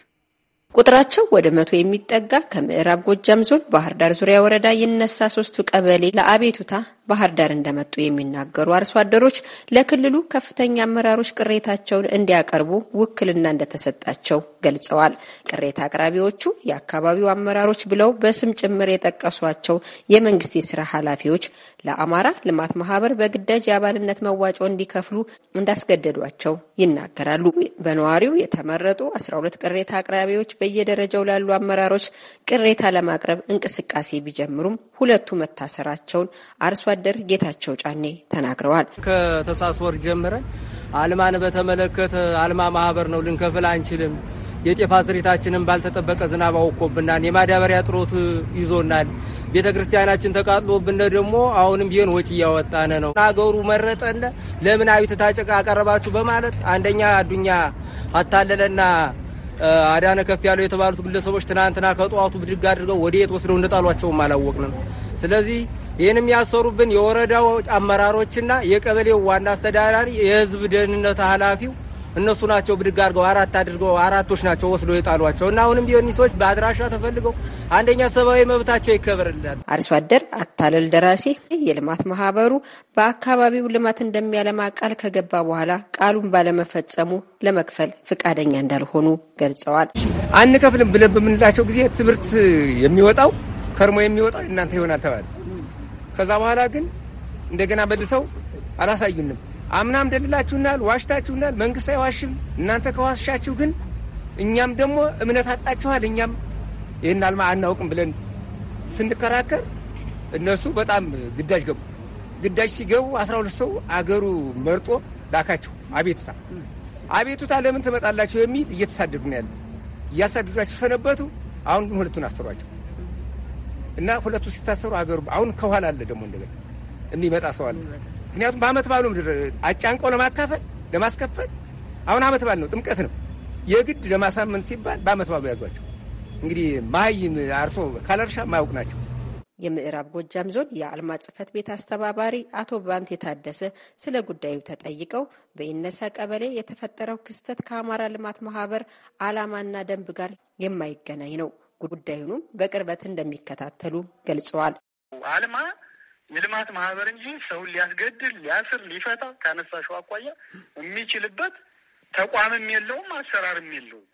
ቁጥራቸው ወደ መቶ የሚጠጋ ከምዕራብ ጎጃም ዞን ባህር ዳር ዙሪያ ወረዳ ይነሳ ሶስቱ ቀበሌ ለአቤቱታ ባህር ዳር እንደመጡ የሚናገሩ አርሶ አደሮች ለክልሉ ከፍተኛ አመራሮች ቅሬታቸውን እንዲያቀርቡ ውክልና እንደተሰጣቸው ገልጸዋል። ቅሬታ አቅራቢዎቹ የአካባቢው አመራሮች ብለው በስም ጭምር የጠቀሷቸው የመንግስት የስራ ኃላፊዎች ለአማራ ልማት ማህበር በግዳጅ የአባልነት መዋጮ እንዲከፍሉ እንዳስገደዷቸው ይናገራሉ። በነዋሪው የተመረጡ 12 ቅሬታ አቅራቢዎች በየደረጃው ላሉ አመራሮች ቅሬታ ለማቅረብ እንቅስቃሴ ቢጀምሩም ሁለቱ መታሰራቸውን አርሶ አደር ጌታቸው ጫኔ ተናግረዋል። ከተሳስወር ጀምረን አልማን በተመለከተ አልማ ማህበር ነው ልንከፍል አንችልም የጤፍ አዝርዕታችንን ባልተጠበቀ ዝናብ አውኮብናል። የማዳበሪያ ጥሮት ይዞናል። ቤተ ክርስቲያናችን ተቃጥሎብን ደግሞ አሁንም ቢሆን ወጪ እያወጣን ነው። ሀገሩ መረጠን ለምን አብዮት አቀረባችሁ በማለት አንደኛ አዱኛ አታለለና አዳነ ከፍ ያለው የተባሉት ግለሰቦች ትናንትና ከጠዋቱ ብድግ አድርገው ወደ የት ወስደው እንደጣሏቸውም አላወቅንም። ስለዚህ ይህንም ያሰሩብን የወረዳው አመራሮችና የቀበሌው ዋና አስተዳዳሪ የህዝብ ደህንነት ኃላፊው እነሱ ናቸው ብድግ አድርገው አራት አድርገው አራቶች ናቸው ወስዶ የጣሏቸው እና አሁንም ቢሆን ሰዎች በአድራሻ ተፈልገው አንደኛ ሰብአዊ መብታቸው ይከበርላል። አርሶ አደር አታለል ደራሴ የልማት ማህበሩ በአካባቢው ልማት እንደሚያለማ ቃል ከገባ በኋላ ቃሉን ባለመፈጸሙ ለመክፈል ፈቃደኛ እንዳልሆኑ ገልጸዋል። አንከፍልም ብለን በምንላቸው ጊዜ ትምህርት የሚወጣው ከርሞ የሚወጣው እናንተ ይሆናል ተባለ። ከዛ በኋላ ግን እንደገና መልሰው አላሳዩንም አምናም ደልላችሁናል፣ ዋሽታችሁናል። መንግስት አይዋሽም። እናንተ ከዋሻችሁ ግን እኛም ደግሞ እምነት አጣችኋል። እኛም ይህን አልማ አናውቅም ብለን ስንከራከር እነሱ በጣም ግዳጅ ገቡ። ግዳጅ ሲገቡ አስራ ሁለት ሰው አገሩ መርጦ ላካቸው። አቤቱታ አቤቱታ ለምን ትመጣላቸው የሚል እየተሳደዱ ነው ያለ። እያሳደዷቸው ሰነበቱ። አሁን ግን ሁለቱን አሰሯቸው እና ሁለቱ ሲታሰሩ አገሩ አሁን ከኋላ አለ ደግሞ እንደገና የሚመጣ ሰው አለ ምክንያቱም በአመት በዓሉ ምድር አጫንቆ ለማካፈል ለማስከፈል አሁን አመት በዓል ነው፣ ጥምቀት ነው። የግድ ለማሳመን ሲባል በአመት በዓሉ ያዟቸው። እንግዲህ መሀይም አርሶ ካለርሻ ማያውቅ ናቸው። የምዕራብ ጎጃም ዞን የአልማ ጽህፈት ቤት አስተባባሪ አቶ ባንት የታደሰ ስለ ጉዳዩ ተጠይቀው በኢነሳ ቀበሌ የተፈጠረው ክስተት ከአማራ ልማት ማህበር አላማና ደንብ ጋር የማይገናኝ ነው፣ ጉዳዩንም በቅርበት እንደሚከታተሉ ገልጸዋል። አልማ የልማት ማህበር እንጂ ሰውን ሊያስገድል ሊያስር ሊፈታ ካነሳሽው አኳያ የሚችልበት ተቋምም የለውም፣ አሰራርም የለውም።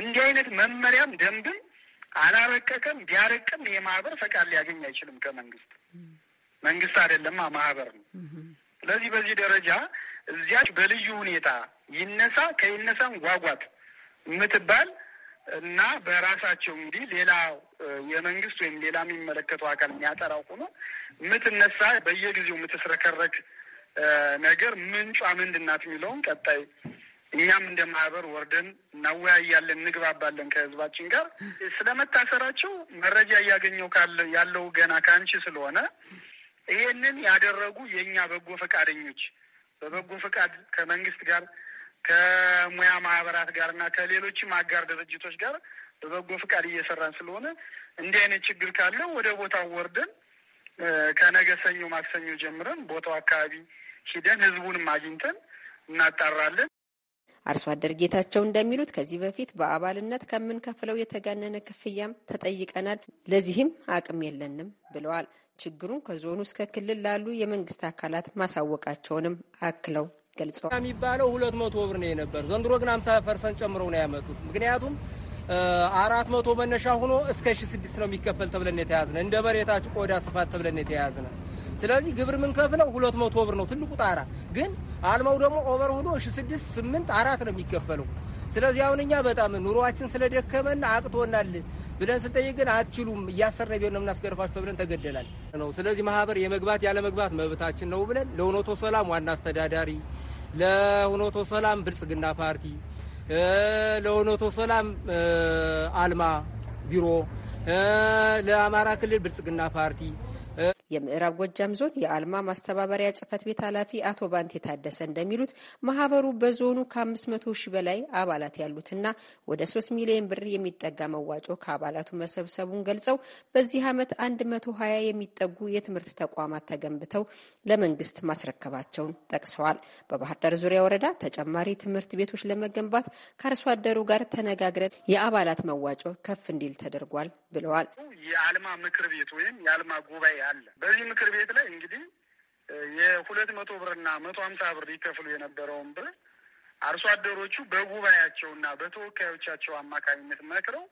እንዲህ አይነት መመሪያም ደንብም አላረቀቀም። ቢያረቅም ይሄ ማህበር ፈቃድ ሊያገኝ አይችልም ከመንግስት። መንግስት አይደለም ማህበር ነው። ስለዚህ በዚህ ደረጃ እዚያች በልዩ ሁኔታ ይነሳ ከይነሳም ጓጓት የምትባል እና በራሳቸው እንግዲህ ሌላ የመንግስት ወይም ሌላ የሚመለከተው አካል የሚያጠራው ሆኖ የምትነሳ በየጊዜው የምትስረከረክ ነገር ምንጯ ምንድናት የሚለውን ቀጣይ እኛም እንደ ማህበር ወርደን እናወያያለን፣ እንግባባለን ከህዝባችን ጋር። ስለመታሰራቸው መረጃ እያገኘው ያለው ገና ከአንቺ ስለሆነ ይሄንን ያደረጉ የእኛ በጎ ፈቃደኞች በበጎ ፈቃድ ከመንግስት ጋር ከሙያ ማህበራት ጋር እና ከሌሎችም አጋር ድርጅቶች ጋር በበጎ ፍቃድ እየሰራን ስለሆነ እንዲህ አይነት ችግር ካለው ወደ ቦታው ወርደን ከነገ ሰኞ ማክሰኞ ጀምረን ቦታው አካባቢ ሂደን ህዝቡንም አግኝተን እናጣራለን። አርሶ አደር ጌታቸው እንደሚሉት ከዚህ በፊት በአባልነት ከምንከፍለው የተጋነነ ክፍያም ተጠይቀናል። ለዚህም አቅም የለንም ብለዋል። ችግሩን ከዞኑ እስከ ክልል ላሉ የመንግስት አካላት ማሳወቃቸውንም አክለው ገልጸዋል። የሚባለው ሁለት መቶ ብር ነው የነበር ዘንድሮ ግን አምሳ ፐርሰንት ጨምረው ነው ያመጡት። ምክንያቱም አራት መቶ መነሻ ሆኖ እስከ ሺ ስድስት ነው የሚከፈል ተብለን የተያዝነ እንደ መሬታችሁ ቆዳ ስፋት ተብለን የተያዝነ። ስለዚህ ግብር የምንከፍለው ሁለት መቶ ብር ነው ትልቁ ጣራ። ግን አልመው ደግሞ ኦቨር ሆኖ ሺ ስድስት ስምንት አራት ነው የሚከፈለው። ስለዚህ አሁን እኛ በጣም ኑሯችን ስለደከመን አቅቶናል ብለን ስንጠይቅ ግን አትችሉም እያሰረ ቢሆን ነው የምናስገርፋችሁ ተብለን ተገደላል ነው። ስለዚህ ማህበር የመግባት ያለመግባት መብታችን ነው ብለን ለእውነቶ ሰላም ዋና አስተዳዳሪ ለሁኖቶ ሰላም ብልጽግና ፓርቲ፣ ለሁኖቶ ሰላም አልማ ቢሮ፣ ለአማራ ክልል ብልጽግና ፓርቲ የምዕራብ ጎጃም ዞን የአልማ ማስተባበሪያ ጽህፈት ቤት ኃላፊ አቶ ባንቴ ታደሰ እንደሚሉት ማህበሩ በዞኑ ከ500 ሺህ በላይ አባላት ያሉትና ወደ 3 ሚሊዮን ብር የሚጠጋ መዋጮ ከአባላቱ መሰብሰቡን ገልጸው በዚህ ዓመት 120 የሚጠጉ የትምህርት ተቋማት ተገንብተው ለመንግስት ማስረከባቸውን ጠቅሰዋል። በባህር ዳር ዙሪያ ወረዳ ተጨማሪ ትምህርት ቤቶች ለመገንባት ከአርሶ አደሩ ጋር ተነጋግረን የአባላት መዋጮ ከፍ እንዲል ተደርጓል ብለዋል። የአልማ ምክር ቤት ወይም የአልማ ጉባኤ አለ በዚህ ምክር ቤት ላይ እንግዲህ የሁለት መቶ ብርና መቶ ሀምሳ ብር ይከፍሉ የነበረውን ብር አርሶ አደሮቹ በጉባኤያቸውና በተወካዮቻቸው አማካኝነት መክረው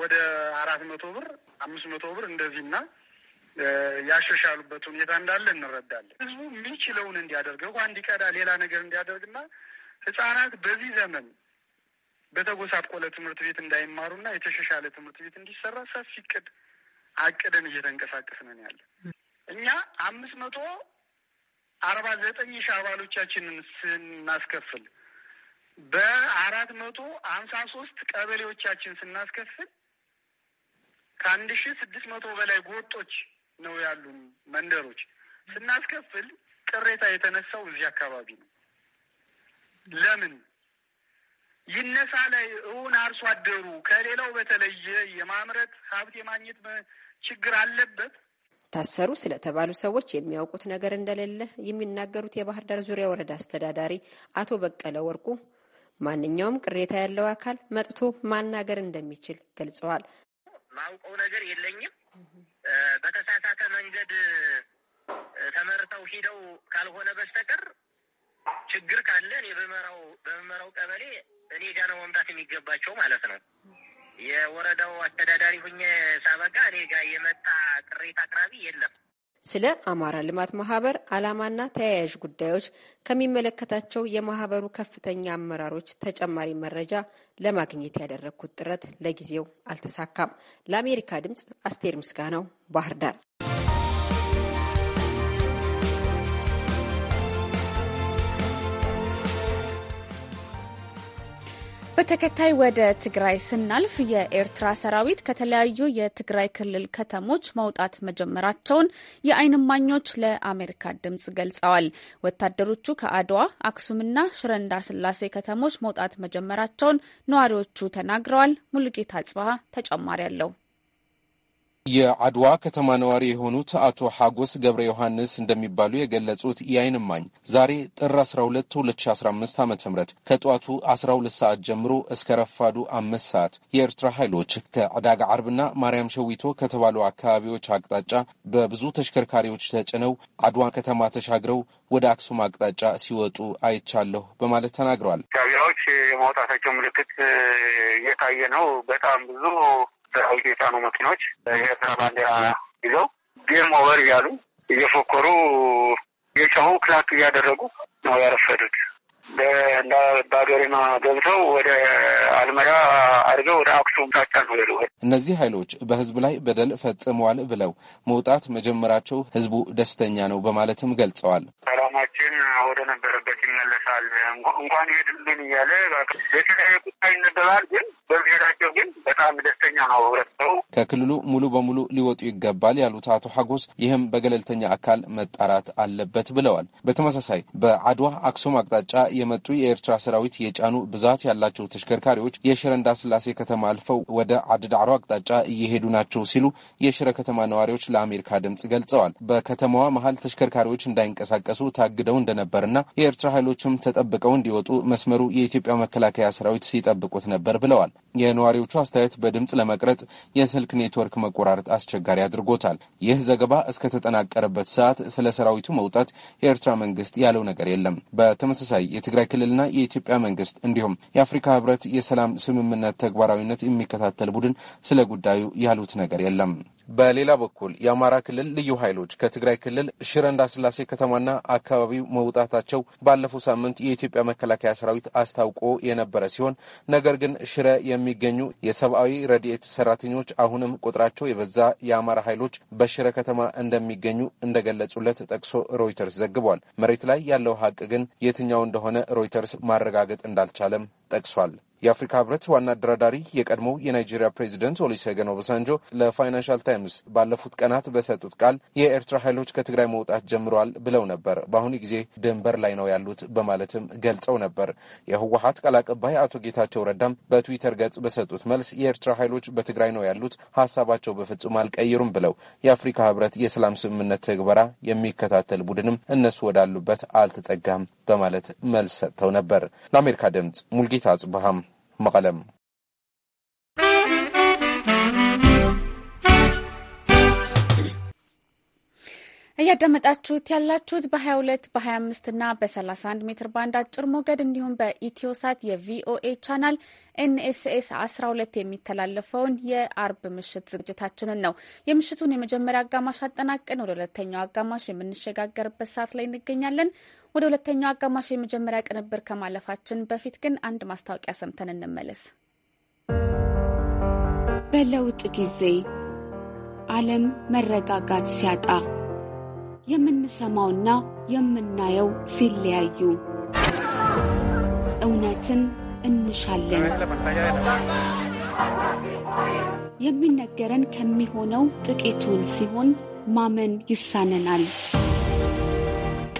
ወደ አራት መቶ ብር አምስት መቶ ብር እንደዚህና ያሻሻሉበት ሁኔታ እንዳለ እንረዳለን። ህዝቡ የሚችለውን እንዲያደርግ ውሃ እንዲቀዳ፣ ሌላ ነገር እንዲያደርግና ህጻናት በዚህ ዘመን በተጎሳቆለ ትምህርት ቤት እንዳይማሩና የተሻሻለ ትምህርት ቤት እንዲሰራ ሰፊ እቅድ አቅደን እየተንቀሳቀስን ያለ እኛ አምስት መቶ አርባ ዘጠኝ ሺ አባሎቻችንን ስናስከፍል በአራት መቶ ሀምሳ ሶስት ቀበሌዎቻችን ስናስከፍል ከአንድ ሺ ስድስት መቶ በላይ ጎጦች ነው ያሉን መንደሮች ስናስከፍል ቅሬታ የተነሳው እዚህ አካባቢ ነው። ለምን ይነሳ ላይ እውን አርሶ አደሩ ከሌላው በተለየ የማምረት ሀብት የማግኘት ችግር አለበት። ታሰሩ ስለተባሉ ሰዎች የሚያውቁት ነገር እንደሌለ የሚናገሩት የባህር ዳር ዙሪያ ወረዳ አስተዳዳሪ አቶ በቀለ ወርቁ ማንኛውም ቅሬታ ያለው አካል መጥቶ ማናገር እንደሚችል ገልጸዋል። ማውቀው ነገር የለኝም። በተሳሳተ መንገድ ተመርተው ሂደው ካልሆነ በስተቀር ችግር ካለ እኔ በመመራው ቀበሌ እኔ ጋ ነው መምጣት የሚገባቸው ማለት ነው። የወረዳው አስተዳዳሪ ሁኜ ሳበቃ እኔ ጋር የመጣ ቅሬታ አቅራቢ የለም። ስለ አማራ ልማት ማህበር ዓላማና ተያያዥ ጉዳዮች ከሚመለከታቸው የማህበሩ ከፍተኛ አመራሮች ተጨማሪ መረጃ ለማግኘት ያደረግኩት ጥረት ለጊዜው አልተሳካም። ለአሜሪካ ድምፅ አስቴር ምስጋናው ባህር ዳር። በተከታይ ወደ ትግራይ ስናልፍ የኤርትራ ሰራዊት ከተለያዩ የትግራይ ክልል ከተሞች መውጣት መጀመራቸውን የአይንማኞች ለአሜሪካ ድምጽ ገልጸዋል። ወታደሮቹ ከአድዋ አክሱምና ሽረንዳ ስላሴ ከተሞች መውጣት መጀመራቸውን ነዋሪዎቹ ተናግረዋል። ሙሉጌታ ጽባሀ ተጨማሪ አለው። የአድዋ ከተማ ነዋሪ የሆኑት አቶ ሐጎስ ገብረ ዮሐንስ እንደሚባሉ የገለጹት የዓይን እማኝ ዛሬ ጥር 12 2015 ዓ ም ከጠዋቱ 12 ሰዓት ጀምሮ እስከ ረፋዱ አምስት ሰዓት የኤርትራ ኃይሎች ከዕዳጋ ዓርብና ማርያም ሸዊቶ ከተባሉ አካባቢዎች አቅጣጫ በብዙ ተሽከርካሪዎች ተጭነው አድዋ ከተማ ተሻግረው ወደ አክሱም አቅጣጫ ሲወጡ አይቻለሁ በማለት ተናግረዋል። ሻቢያዎች የመውጣታቸው ምልክት እየታየ ነው። በጣም ብዙ ሰራዊት የጫኑ መኪኖች የኤርትራ ባንዲራ ይዘው ጌም ኦቨር እያሉ እየፎከሩ የጫሁ ክላክ እያደረጉ ነው ያረፈዱት። በሀገሪማ ገብተው ወደ አልመራ አድርገው ወደ አክሱም ታጫል ነው ሄዱ። እነዚህ ኃይሎች በህዝብ ላይ በደል ፈጽመዋል ብለው መውጣት መጀመራቸው ህዝቡ ደስተኛ ነው በማለትም ገልጸዋል። ሰላማችን ወደ ነበረበት ይመለሳል እንኳን ሄድልን እያለ የተለያየ ቁጣ ይነበባል። ግን በመሄዳቸው ግን በጣም ደስተኛ ነው ህብረተሰቡ። ከክልሉ ሙሉ በሙሉ ሊወጡ ይገባል ያሉት አቶ ሐጎስ ይህም በገለልተኛ አካል መጣራት አለበት ብለዋል። በተመሳሳይ በአድዋ አክሱም አቅጣጫ የመጡ የኤርትራ ሰራዊት የጫኑ ብዛት ያላቸው ተሽከርካሪዎች የሽረንዳ ስላሴ ከተማ አልፈው ወደ አድዳሮ አቅጣጫ እየሄዱ ናቸው ሲሉ የሽረ ከተማ ነዋሪዎች ለአሜሪካ ድምጽ ገልጸዋል። በከተማዋ መሀል ተሽከርካሪዎች እንዳይንቀሳቀሱ ታግደው እንደነበርና የኤርትራ ኃይሎችም ተጠብቀው እንዲወጡ መስመሩ የኢትዮጵያ መከላከያ ሰራዊት ሲጠብቁት ነበር ብለዋል። የነዋሪዎቹ አስተያየት በድምጽ ለመቅረጽ የስልክ ኔትወርክ መቆራረጥ አስቸጋሪ አድርጎታል። ይህ ዘገባ እስከተጠናቀረበት ሰዓት ስለ ሰራዊቱ መውጣት የኤርትራ መንግስት ያለው ነገር የለም። በተመሳሳይ የትግራይ ክልልና የኢትዮጵያ መንግስት እንዲሁም የአፍሪካ ህብረት የሰላም ስምምነት ተግባራዊነት የሚከታተል ቡድን ስለ ጉዳዩ ያሉት ነገር የለም። በሌላ በኩል የአማራ ክልል ልዩ ኃይሎች ከትግራይ ክልል ሽረ እንዳስላሴ ከተማና አካባቢው መውጣታቸው ባለፈው ሳምንት የኢትዮጵያ መከላከያ ሰራዊት አስታውቆ የነበረ ሲሆን ነገር ግን ሽረ የሚገኙ የሰብአዊ ረድኤት ሰራተኞች አሁንም ቁጥራቸው የበዛ የአማራ ኃይሎች በሽረ ከተማ እንደሚገኙ እንደገለጹለት ጠቅሶ ሮይተርስ ዘግቧል። መሬት ላይ ያለው ሀቅ ግን የትኛው እንደሆነ ሮይተርስ ማረጋገጥ እንዳልቻለም ጠቅሷል። የአፍሪካ ህብረት ዋና አደራዳሪ የቀድሞ የናይጄሪያ ፕሬዚደንት ኦሉሴጉን ኦባሳንጆ ለፋይናንሻል ታይምስ ባለፉት ቀናት በሰጡት ቃል የኤርትራ ኃይሎች ከትግራይ መውጣት ጀምረዋል ብለው ነበር። በአሁኑ ጊዜ ድንበር ላይ ነው ያሉት በማለትም ገልጸው ነበር። የህወሀት ቃል አቀባይ አቶ ጌታቸው ረዳም በትዊተር ገጽ በሰጡት መልስ የኤርትራ ኃይሎች በትግራይ ነው ያሉት፣ ሀሳባቸው በፍጹም አልቀይሩም ብለው የአፍሪካ ህብረት የሰላም ስምምነት ትግበራ የሚከታተል ቡድንም እነሱ ወዳሉበት አልተጠጋም በማለት መልስ ሰጥተው ነበር። ለአሜሪካ ድምጽ ሙልጌታ አጽብሃም መቐለም እያዳመጣችሁት ያላችሁት በ22 በ25 እና በ31 ሜትር ባንድ አጭር ሞገድ እንዲሁም በኢትዮሳት የቪኦኤ ቻናል ኤንኤስኤስ 12 የሚተላለፈውን የአርብ ምሽት ዝግጅታችንን ነው። የምሽቱን የመጀመሪያ አጋማሽ አጠናቀን ወደ ሁለተኛው አጋማሽ የምንሸጋገርበት ሰዓት ላይ እንገኛለን። ወደ ሁለተኛው አጋማሽ የመጀመሪያ ቅንብር ከማለፋችን በፊት ግን አንድ ማስታወቂያ ሰምተን እንመለስ። በለውጥ ጊዜ ዓለም መረጋጋት ሲያጣ የምንሰማውና የምናየው ሲለያዩ እውነትን እንሻለን። የሚነገረን ከሚሆነው ጥቂቱን ሲሆን ማመን ይሳነናል።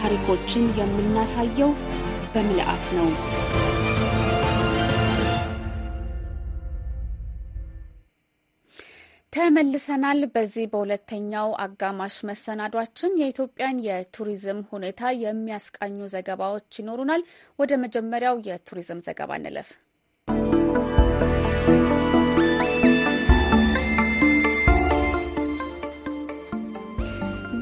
ታሪኮችን የምናሳየው በምልአት ነው። ተመልሰናል። በዚህ በሁለተኛው አጋማሽ መሰናዷችን የኢትዮጵያን የቱሪዝም ሁኔታ የሚያስቃኙ ዘገባዎች ይኖሩናል። ወደ መጀመሪያው የቱሪዝም ዘገባ እንለፍ።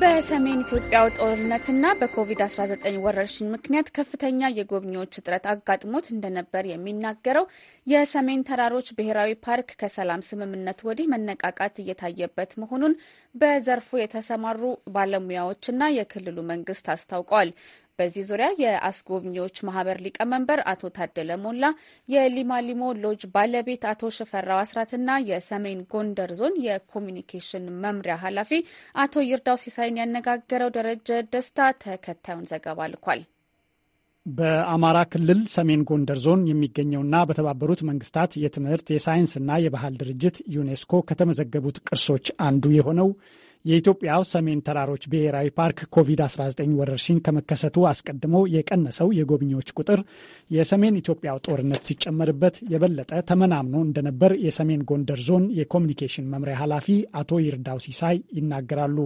በሰሜን ኢትዮጵያው ጦርነትና በኮቪድ-19 ወረርሽኝ ምክንያት ከፍተኛ የጎብኚዎች እጥረት አጋጥሞት እንደነበር የሚናገረው የሰሜን ተራሮች ብሔራዊ ፓርክ ከሰላም ስምምነት ወዲህ መነቃቃት እየታየበት መሆኑን በዘርፉ የተሰማሩ ባለሙያዎችና የክልሉ መንግስት አስታውቀዋል። በዚህ ዙሪያ የአስጎብኚዎች ማህበር ሊቀመንበር አቶ ታደለ ሞላ፣ የሊማሊሞ ሎጅ ባለቤት አቶ ሽፈራው አስራትና የሰሜን ጎንደር ዞን የኮሚኒኬሽን መምሪያ ኃላፊ አቶ ይርዳው ሲሳይን ያነጋገረው ደረጀ ደስታ ተከታዩን ዘገባ ልኳል። በአማራ ክልል ሰሜን ጎንደር ዞን የሚገኘውና በተባበሩት መንግስታት የትምህርት የሳይንስና የባህል ድርጅት ዩኔስኮ ከተመዘገቡት ቅርሶች አንዱ የሆነው የኢትዮጵያው ሰሜን ተራሮች ብሔራዊ ፓርክ ኮቪድ-19 ወረርሽኝ ከመከሰቱ አስቀድሞ የቀነሰው የጎብኚዎች ቁጥር የሰሜን ኢትዮጵያው ጦርነት ሲጨመርበት የበለጠ ተመናምኖ እንደነበር የሰሜን ጎንደር ዞን የኮሚኒኬሽን መምሪያ ኃላፊ አቶ ይርዳው ሲሳይ ይናገራሉ።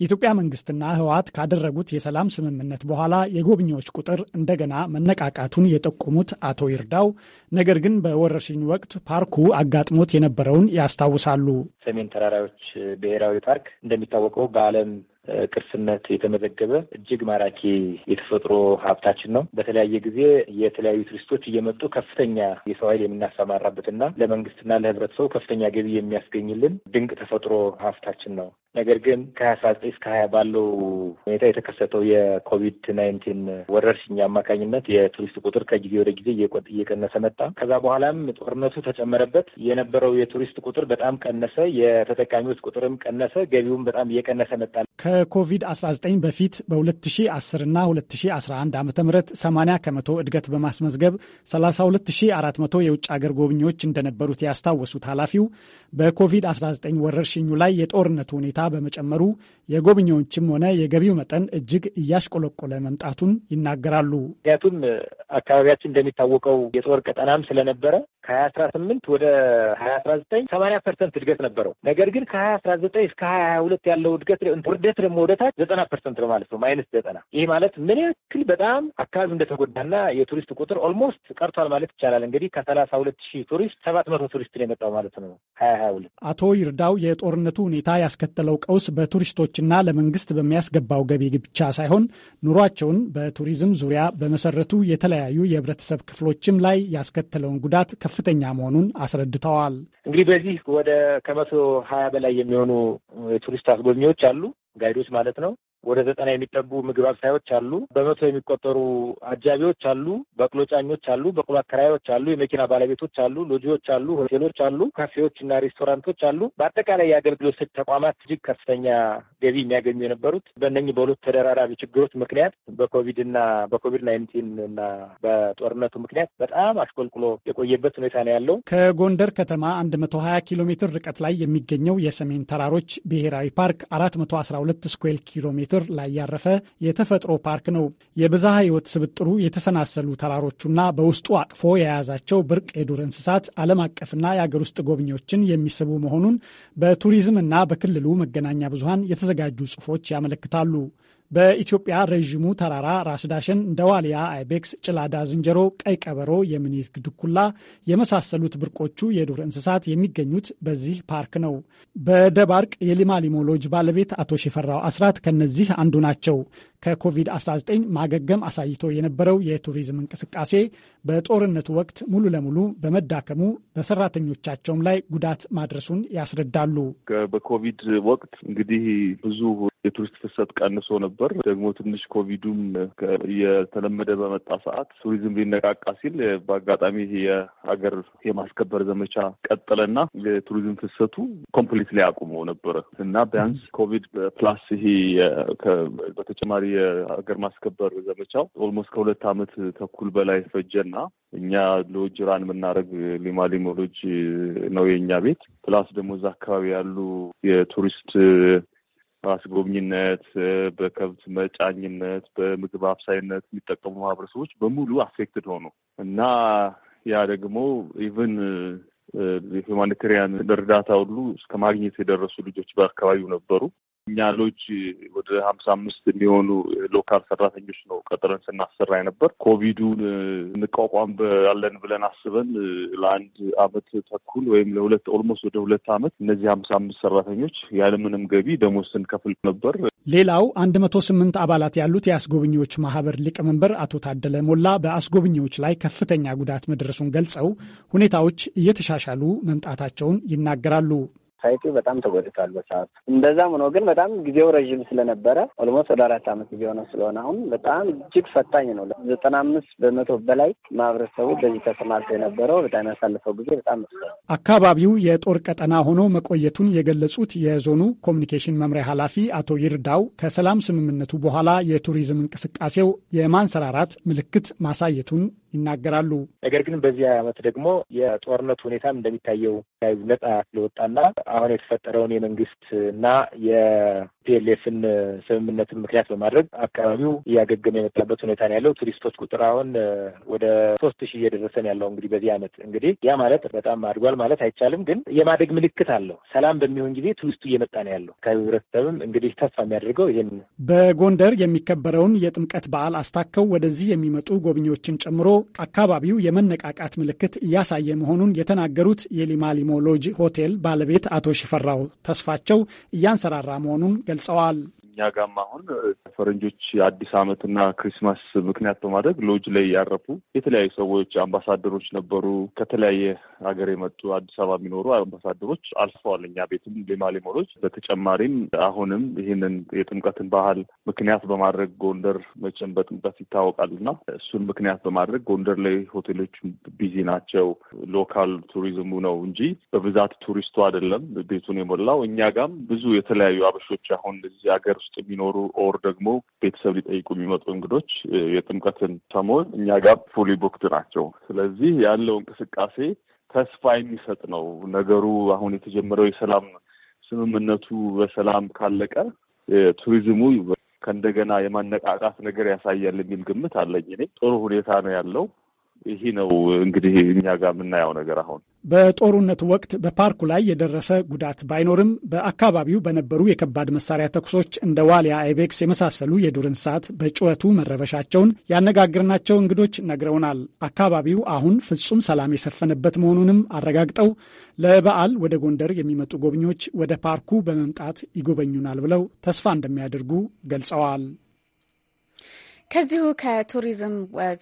የኢትዮጵያ መንግስትና ህወሓት ካደረጉት የሰላም ስምምነት በኋላ የጎብኚዎች ቁጥር እንደገና መነቃቃቱን የጠቆሙት አቶ ይርዳው፣ ነገር ግን በወረርሽኝ ወቅት ፓርኩ አጋጥሞት የነበረውን ያስታውሳሉ። ሰሜን ተራራዎች ብሔራዊ ፓርክ እንደሚታወቀው በዓለም ቅርስነት የተመዘገበ እጅግ ማራኪ የተፈጥሮ ሀብታችን ነው። በተለያየ ጊዜ የተለያዩ ቱሪስቶች እየመጡ ከፍተኛ የሰው ኃይል የምናሰማራበትና ለመንግስትና ለህብረተሰቡ ከፍተኛ ገቢ የሚያስገኝልን ድንቅ ተፈጥሮ ሀብታችን ነው። ነገር ግን ከሀያ አስራ ዘጠኝ እስከ ሀያ ባለው ሁኔታ የተከሰተው የኮቪድ ናይንቲን ወረርሽኝ አማካኝነት የቱሪስት ቁጥር ከጊዜ ወደ ጊዜ እየቀነሰ መጣ። ከዛ በኋላም ጦርነቱ ተጨመረበት። የነበረው የቱሪስት ቁጥር በጣም ቀነሰ። የተጠቃሚዎች ቁጥርም ቀነሰ። ገቢውም በጣም እየቀነሰ መጣ። ከኮቪድ አስራ ዘጠኝ በፊት በሁለት ሺ አስር እና ሁለት ሺ አስራ አንድ ዓመተ ምህረት ሰማኒያ ከመቶ እድገት በማስመዝገብ ሰላሳ ሁለት ሺ አራት መቶ የውጭ አገር ጎብኚዎች እንደነበሩት ያስታወሱት ኃላፊው በኮቪድ አስራ ዘጠኝ ወረርሽኙ ላይ የጦርነቱ ሁኔታ ሁኔታ በመጨመሩ የጎብኚዎችም ሆነ የገቢው መጠን እጅግ እያሽቆለቆለ መምጣቱን ይናገራሉ። ምክንያቱም አካባቢያችን እንደሚታወቀው የጦር ቀጠናም ስለነበረ ከሀያ አስራ ስምንት ወደ ሀያ አስራ ዘጠኝ ሰማንያ ፐርሰንት እድገት ነበረው። ነገር ግን ከሀያ አስራ ዘጠኝ እስከ ሀያ ሀያ ሁለት ያለው እድገት ውርደት ደግሞ ወደታች ዘጠና ፐርሰንት ነው ማለት ነው ማይነስ ዘጠና ይህ ማለት ምን ያክል በጣም አካባቢ እንደተጎዳና የቱሪስት ቁጥር ኦልሞስት ቀርቷል ማለት ይቻላል። እንግዲህ ከሰላሳ ሁለት ሺህ ቱሪስት ሰባት መቶ ቱሪስት ነው የመጣው ማለት ነው ሀያ ሀያ ሁለት አቶ ይርዳው የጦርነቱ ሁኔታ ያስከተለው የተፈጠረው ቀውስ በቱሪስቶችና ለመንግስት በሚያስገባው ገቢ ብቻ ሳይሆን ኑሯቸውን በቱሪዝም ዙሪያ በመሰረቱ የተለያዩ የህብረተሰብ ክፍሎችም ላይ ያስከተለውን ጉዳት ከፍተኛ መሆኑን አስረድተዋል። እንግዲህ በዚህ ወደ ከመቶ ሀያ በላይ የሚሆኑ የቱሪስት አስጎብኚዎች አሉ፣ ጋይዶች ማለት ነው። ወደ ዘጠና የሚጠጉ ምግብ አብሳዮች አሉ። በመቶ የሚቆጠሩ አጃቢዎች አሉ። በቅሎ ጫኞች አሉ። በቅሎ አከራዮች አሉ። የመኪና ባለቤቶች አሉ። ሎጂዎች አሉ። ሆቴሎች አሉ። ካፌዎች እና ሬስቶራንቶች አሉ። በአጠቃላይ የአገልግሎት ሰጪ ተቋማት እጅግ ከፍተኛ ገቢ የሚያገኙ የነበሩት በእነኝህ በሁለት ተደራራቢ ችግሮች ምክንያት በኮቪድ እና በኮቪድ ናይንቲን እና በጦርነቱ ምክንያት በጣም አሽቆልቁሎ የቆየበት ሁኔታ ነው ያለው። ከጎንደር ከተማ 120 ኪሎ ሜትር ርቀት ላይ የሚገኘው የሰሜን ተራሮች ብሔራዊ ፓርክ 412 ስኩዌር ኪሎ ሜትር ሜትር ላይ ያረፈ የተፈጥሮ ፓርክ ነው። የብዝሃ ሕይወት ስብጥሩ የተሰናሰሉ ተራሮቹና በውስጡ አቅፎ የያዛቸው ብርቅ የዱር እንስሳት ዓለም አቀፍና የአገር ውስጥ ጎብኚዎችን የሚስቡ መሆኑን በቱሪዝምና በክልሉ መገናኛ ብዙሃን የተዘጋጁ ጽሑፎች ያመለክታሉ። በኢትዮጵያ ረዥሙ ተራራ ራስ ዳሸን እንደ ዋልያ፣ አይቤክስ፣ ጭላዳ ዝንጀሮ፣ ቀይ ቀበሮ፣ የምኒልክ ድኩላ የመሳሰሉት ብርቆቹ የዱር እንስሳት የሚገኙት በዚህ ፓርክ ነው። በደባርቅ የሊማሊሞ ሎጅ ባለቤት አቶ ሽፈራው አስራት ከነዚህ አንዱ ናቸው። ከኮቪድ-19 ማገገም አሳይቶ የነበረው የቱሪዝም እንቅስቃሴ በጦርነቱ ወቅት ሙሉ ለሙሉ በመዳከሙ በሰራተኞቻቸውም ላይ ጉዳት ማድረሱን ያስረዳሉ። በኮቪድ ወቅት እንግዲህ ብዙ የቱሪስት ፍሰት ቀንሶ ነበር። ደግሞ ትንሽ ኮቪዱም እየተለመደ በመጣ ሰዓት ቱሪዝም ሊነቃቃ ሲል በአጋጣሚ የሀገር የማስከበር ዘመቻ ቀጠለና የቱሪዝም ፍሰቱ ኮምፕሊት ላይ አቁመው ነበረ እና ቢያንስ ኮቪድ ፕላስ ይሄ በተጨማሪ የሀገር ማስከበር ዘመቻው ኦልሞስት ከሁለት ዓመት ተኩል በላይ ፈጀና እኛ ሎጅ ራን የምናደርግ ሊማ ሊሞ ሎጅ ነው የእኛ ቤት ፕላስ ደግሞ እዛ አካባቢ ያሉ የቱሪስት በአስጎብኝነት፣ በከብት መጫኝነት፣ በምግብ አብሳይነት የሚጠቀሙ ማህበረሰቦች በሙሉ አፌክትድ ሆኑ እና ያ ደግሞ ኢቨን ሁማኒታሪያን እርዳታ ሁሉ እስከ ማግኘት የደረሱ ልጆች በአካባቢው ነበሩ። እኛሎች ወደ ሀምሳ አምስት የሚሆኑ ሎካል ሰራተኞች ነው ቀጥረን ስናሰራ የነበር። ኮቪዱን እንቋቋም ያለን ብለን አስበን ለአንድ አመት ተኩል ወይም ለሁለት ኦልሞስት ወደ ሁለት አመት እነዚህ ሀምሳ አምስት ሰራተኞች ያለምንም ገቢ ደሞዝ ስንከፍል ነበር። ሌላው አንድ መቶ ስምንት አባላት ያሉት የአስጎብኚዎች ማህበር ሊቀመንበር አቶ ታደለ ሞላ በአስጎብኚዎች ላይ ከፍተኛ ጉዳት መድረሱን ገልጸው ሁኔታዎች እየተሻሻሉ መምጣታቸውን ይናገራሉ። ሳይቱ በጣም ተጎድቷል በሰዓቱ። እንደዛም ሆኖ ግን በጣም ጊዜው ረዥም ስለነበረ ኦልሞስት ወደ አራት አመት ጊዜ ሆነ ስለሆነ አሁን በጣም እጅግ ፈታኝ ነው። ዘጠና አምስት በመቶ በላይ ማህበረሰቡ በዚህ ተሰማርቶ የነበረው በጣም ያሳለፈው ጊዜ በጣም አካባቢው የጦር ቀጠና ሆኖ መቆየቱን የገለጹት የዞኑ ኮሚኒኬሽን መምሪያ ኃላፊ አቶ ይርዳው ከሰላም ስምምነቱ በኋላ የቱሪዝም እንቅስቃሴው የማንሰራራት ምልክት ማሳየቱን ይናገራሉ። ነገር ግን በዚህ ዓመት ደግሞ የጦርነት ሁኔታም እንደሚታየው ነጻ ለወጣና አሁን የተፈጠረውን የመንግስት እና ፒኤልኤፍን ስምምነትን ምክንያት በማድረግ አካባቢው እያገገመ የመጣበት ሁኔታ ነው ያለው። ቱሪስቶች ቁጥር አሁን ወደ ሶስት ሺህ እየደረሰ ነው ያለው እንግዲህ በዚህ አመት እንግዲህ ያ ማለት በጣም አድጓል ማለት አይቻልም፣ ግን የማደግ ምልክት አለው። ሰላም በሚሆን ጊዜ ቱሪስቱ እየመጣ ነው ያለው። ከህብረተሰብም እንግዲህ ተስፋ የሚያደርገው ይህን በጎንደር የሚከበረውን የጥምቀት በዓል አስታከው ወደዚህ የሚመጡ ጎብኚዎችን ጨምሮ አካባቢው የመነቃቃት ምልክት እያሳየ መሆኑን የተናገሩት የሊማሊሞሎጂ ሎጅ ሆቴል ባለቤት አቶ ሽፈራው ተስፋቸው እያንሰራራ መሆኑን ገልጸዋል። እኛ ጋም አሁን ፈረንጆች አዲስ ዓመትና ክሪስማስ ምክንያት በማድረግ ሎጅ ላይ ያረፉ የተለያዩ ሰዎች አምባሳደሮች ነበሩ። ከተለያየ ሀገር የመጡ አዲስ አበባ የሚኖሩ አምባሳደሮች አልፈዋል። እኛ ቤትም ሌማ ሎጅ። በተጨማሪም አሁንም ይህንን የጥምቀትን ባህል ምክንያት በማድረግ ጎንደር መቼም በጥምቀት ይታወቃልና እሱን ምክንያት በማድረግ ጎንደር ላይ ሆቴሎች ቢዚ ናቸው። ሎካል ቱሪዝሙ ነው እንጂ በብዛት ቱሪስቱ አይደለም ቤቱን የሞላው። እኛ ጋም ብዙ የተለያዩ አበሾች አሁን እዚህ ሀገር ውስጥ የሚኖሩ ኦር ደግሞ ቤተሰብ ሊጠይቁ የሚመጡ እንግዶች የጥምቀትን ሰሞን እኛ ጋር ፉሊ ቡክድ ናቸው። ስለዚህ ያለው እንቅስቃሴ ተስፋ የሚሰጥ ነው። ነገሩ አሁን የተጀመረው የሰላም ስምምነቱ በሰላም ካለቀ ቱሪዝሙ ከእንደገና የማነቃቃት ነገር ያሳያል የሚል ግምት አለኝ። እኔ ጥሩ ሁኔታ ነው ያለው። ይሄ ነው እንግዲህ እኛ ጋር የምናየው ነገር። አሁን በጦርነት ወቅት በፓርኩ ላይ የደረሰ ጉዳት ባይኖርም በአካባቢው በነበሩ የከባድ መሳሪያ ተኩሶች እንደ ዋልያ አይቤክስ የመሳሰሉ የዱር እንስሳት በጩኸቱ መረበሻቸውን ያነጋግርናቸው እንግዶች ነግረውናል። አካባቢው አሁን ፍጹም ሰላም የሰፈነበት መሆኑንም አረጋግጠው ለበዓል ወደ ጎንደር የሚመጡ ጎብኚዎች ወደ ፓርኩ በመምጣት ይጎበኙናል ብለው ተስፋ እንደሚያደርጉ ገልጸዋል። ከዚሁ ከቱሪዝም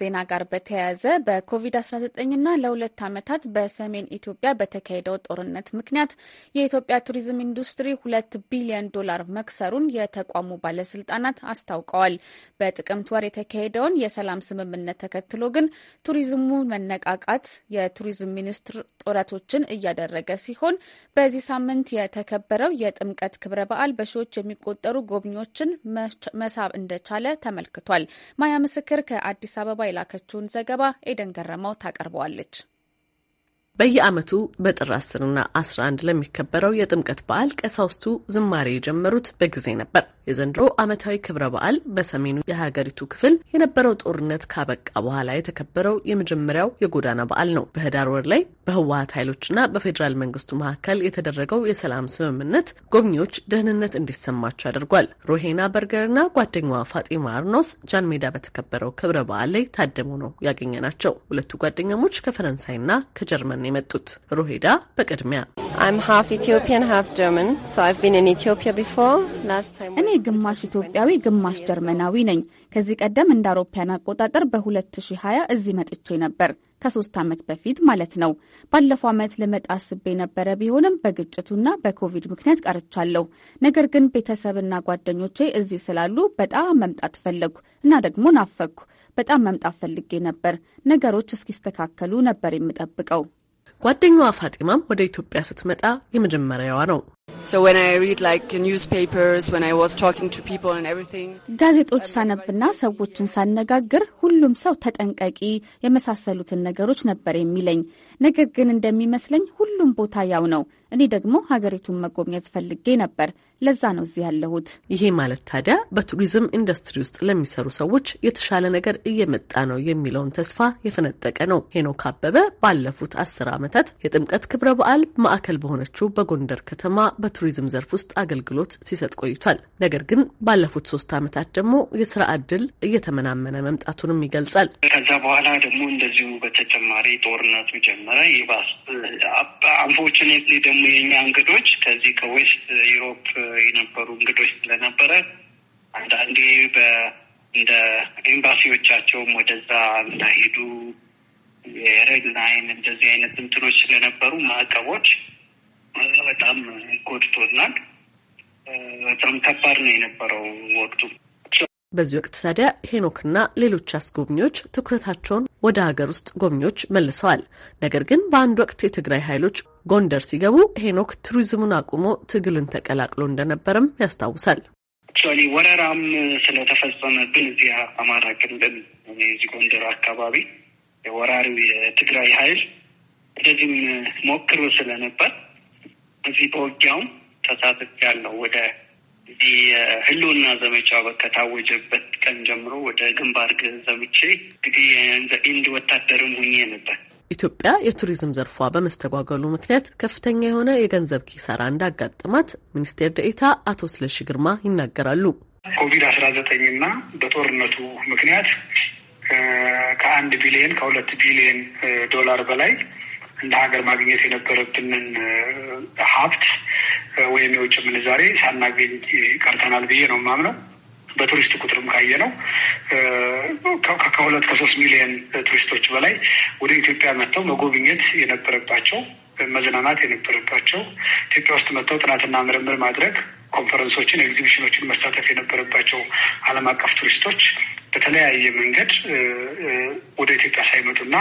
ዜና ጋር በተያያዘ በኮቪድ-19ና ለሁለት ዓመታት በሰሜን ኢትዮጵያ በተካሄደው ጦርነት ምክንያት የኢትዮጵያ ቱሪዝም ኢንዱስትሪ ሁለት ቢሊዮን ዶላር መክሰሩን የተቋሙ ባለስልጣናት አስታውቀዋል። በጥቅምት ወር የተካሄደውን የሰላም ስምምነት ተከትሎ ግን ቱሪዝሙ መነቃቃት የቱሪዝም ሚኒስትር ጥረቶችን እያደረገ ሲሆን በዚህ ሳምንት የተከበረው የጥምቀት ክብረ በዓል በሺዎች የሚቆጠሩ ጎብኚዎችን መሳብ እንደቻለ ተመልክቷል። ማያ ምስክር ከአዲስ አበባ የላከችውን ዘገባ ኤደን ገረመው ታቀርበዋለች። በየዓመቱ በጥር 10ና 11 ለሚከበረው የጥምቀት በዓል ቀሳውስቱ ዝማሬ የጀመሩት በጊዜ ነበር። የዘንድሮ ዓመታዊ ክብረ በዓል በሰሜኑ የሀገሪቱ ክፍል የነበረው ጦርነት ካበቃ በኋላ የተከበረው የመጀመሪያው የጎዳና በዓል ነው። በህዳር ወር ላይ በህወሀት ኃይሎችና በፌዴራል መንግስቱ መካከል የተደረገው የሰላም ስምምነት ጎብኚዎች ደህንነት እንዲሰማቸው አድርጓል። ሮሄና በርገርና ጓደኛዋ ፋጢማ አርኖስ ጃን ሜዳ በተከበረው ክብረ በዓል ላይ ታደሙ ነው ናቸው። ሁለቱ ጓደኛሞች ከፈረንሳይና ከጀርመን ነው የመጡት። ሮሄዳ በቅድሚያ እኔ ግማሽ ኢትዮጵያዊ ግማሽ ጀርመናዊ ነኝ። ከዚህ ቀደም እንደ አውሮፓያን አቆጣጠር በ2020 እዚህ መጥቼ ነበር። ከሶስት ዓመት በፊት ማለት ነው። ባለፈው ዓመት ልመጣ አስቤ የነበረ ቢሆንም በግጭቱና በኮቪድ ምክንያት ቀርቻለሁ። ነገር ግን ቤተሰብና ጓደኞቼ እዚህ ስላሉ በጣም መምጣት ፈለግኩ እና ደግሞ ናፈግኩ። በጣም መምጣት ፈልጌ ነበር። ነገሮች እስኪስተካከሉ ነበር የምጠብቀው። ጓደኛዋ ፋጢማም ወደ ኢትዮጵያ ስትመጣ የመጀመሪያዋ ነው። ጋዜጦች ሳነብና ሰዎችን ሳነጋግር ሁሉም ሰው ተጠንቀቂ የመሳሰሉትን ነገሮች ነበር የሚለኝ። ነገር ግን እንደሚመስለኝ ሁሉም ቦታ ያው ነው። እኔ ደግሞ ሀገሪቱን መጎብኘት ፈልጌ ነበር። ለዛ ነው እዚህ ያለሁት። ይሄ ማለት ታዲያ በቱሪዝም ኢንዱስትሪ ውስጥ ለሚሰሩ ሰዎች የተሻለ ነገር እየመጣ ነው የሚለውን ተስፋ የፈነጠቀ ነው። ሄኖክ አበበ ባለፉት አስር ዓመታት የጥምቀት ክብረ በዓል ማዕከል በሆነችው በጎንደር ከተማ በቱሪዝም ዘርፍ ውስጥ አገልግሎት ሲሰጥ ቆይቷል። ነገር ግን ባለፉት ሶስት ዓመታት ደግሞ የስራ እድል እየተመናመነ መምጣቱንም ይገልጻል። ከዛ በኋላ ደግሞ እንደዚሁ በተጨማሪ ጦርነቱ ጀመረ። ይባስ አንፎርችኔትሊ ደግሞ የኛ እንግዶች ከዚህ ከዌስት ዩሮፕ የነበሩ እንግዶች ስለነበረ አንዳንዴ እንደ ኤምባሲዎቻቸውም ወደዛ እንዳይሄዱ የሬድ ላይን እንደዚህ አይነት እንትኖች ስለነበሩ ማዕቀቦች በጣም ጎድቶናል። በጣም ከባድ ነው የነበረው ወቅቱ። በዚህ ወቅት ታዲያ ሄኖክና ሌሎች አስጎብኚዎች ትኩረታቸውን ወደ ሀገር ውስጥ ጎብኚዎች መልሰዋል። ነገር ግን በአንድ ወቅት የትግራይ ኃይሎች ጎንደር ሲገቡ ሄኖክ ቱሪዝሙን አቁሞ ትግልን ተቀላቅሎ እንደነበረም ያስታውሳል። አክቹዋሊ ወረራም ስለተፈጸመ ግን እዚያ አማራ ክልል እዚህ ጎንደር አካባቢ የወራሪው የትግራይ ኃይል እንደዚህም ሞክሮ ስለነበር እዚህ በውጊያውም ያለው ወደ እዚህ ህልውና ዘመቻው ከታወጀበት ቀን ጀምሮ ወደ ግንባር ዘምቼ እንግዲህ ኢንድ ወታደርም ሁኜ ነበር። ኢትዮጵያ የቱሪዝም ዘርፏ በመስተጓገሉ ምክንያት ከፍተኛ የሆነ የገንዘብ ኪሳራ እንዳጋጠማት ሚኒስቴር ደኢታ አቶ ስለሺ ግርማ ይናገራሉ። ኮቪድ አስራ ዘጠኝ እና በጦርነቱ ምክንያት ከአንድ ቢሊየን ከሁለት ቢሊየን ዶላር በላይ እንደ ሀገር ማግኘት የነበረብንን ሀብት ወይም የውጭ ምንዛሬ ሳናገኝ ቀርተናል ብዬ ነው የማምነው። በቱሪስት ቁጥርም ካየ ነው ከሁለት ከሶስት ሚሊዮን ቱሪስቶች በላይ ወደ ኢትዮጵያ መጥተው መጎብኘት የነበረባቸው መዝናናት የነበረባቸው ኢትዮጵያ ውስጥ መጥተው ጥናትና ምርምር ማድረግ ኮንፈረንሶችን፣ ኤግዚቢሽኖችን መሳተፍ የነበረባቸው ዓለም አቀፍ ቱሪስቶች በተለያየ መንገድ ወደ ኢትዮጵያ ሳይመጡና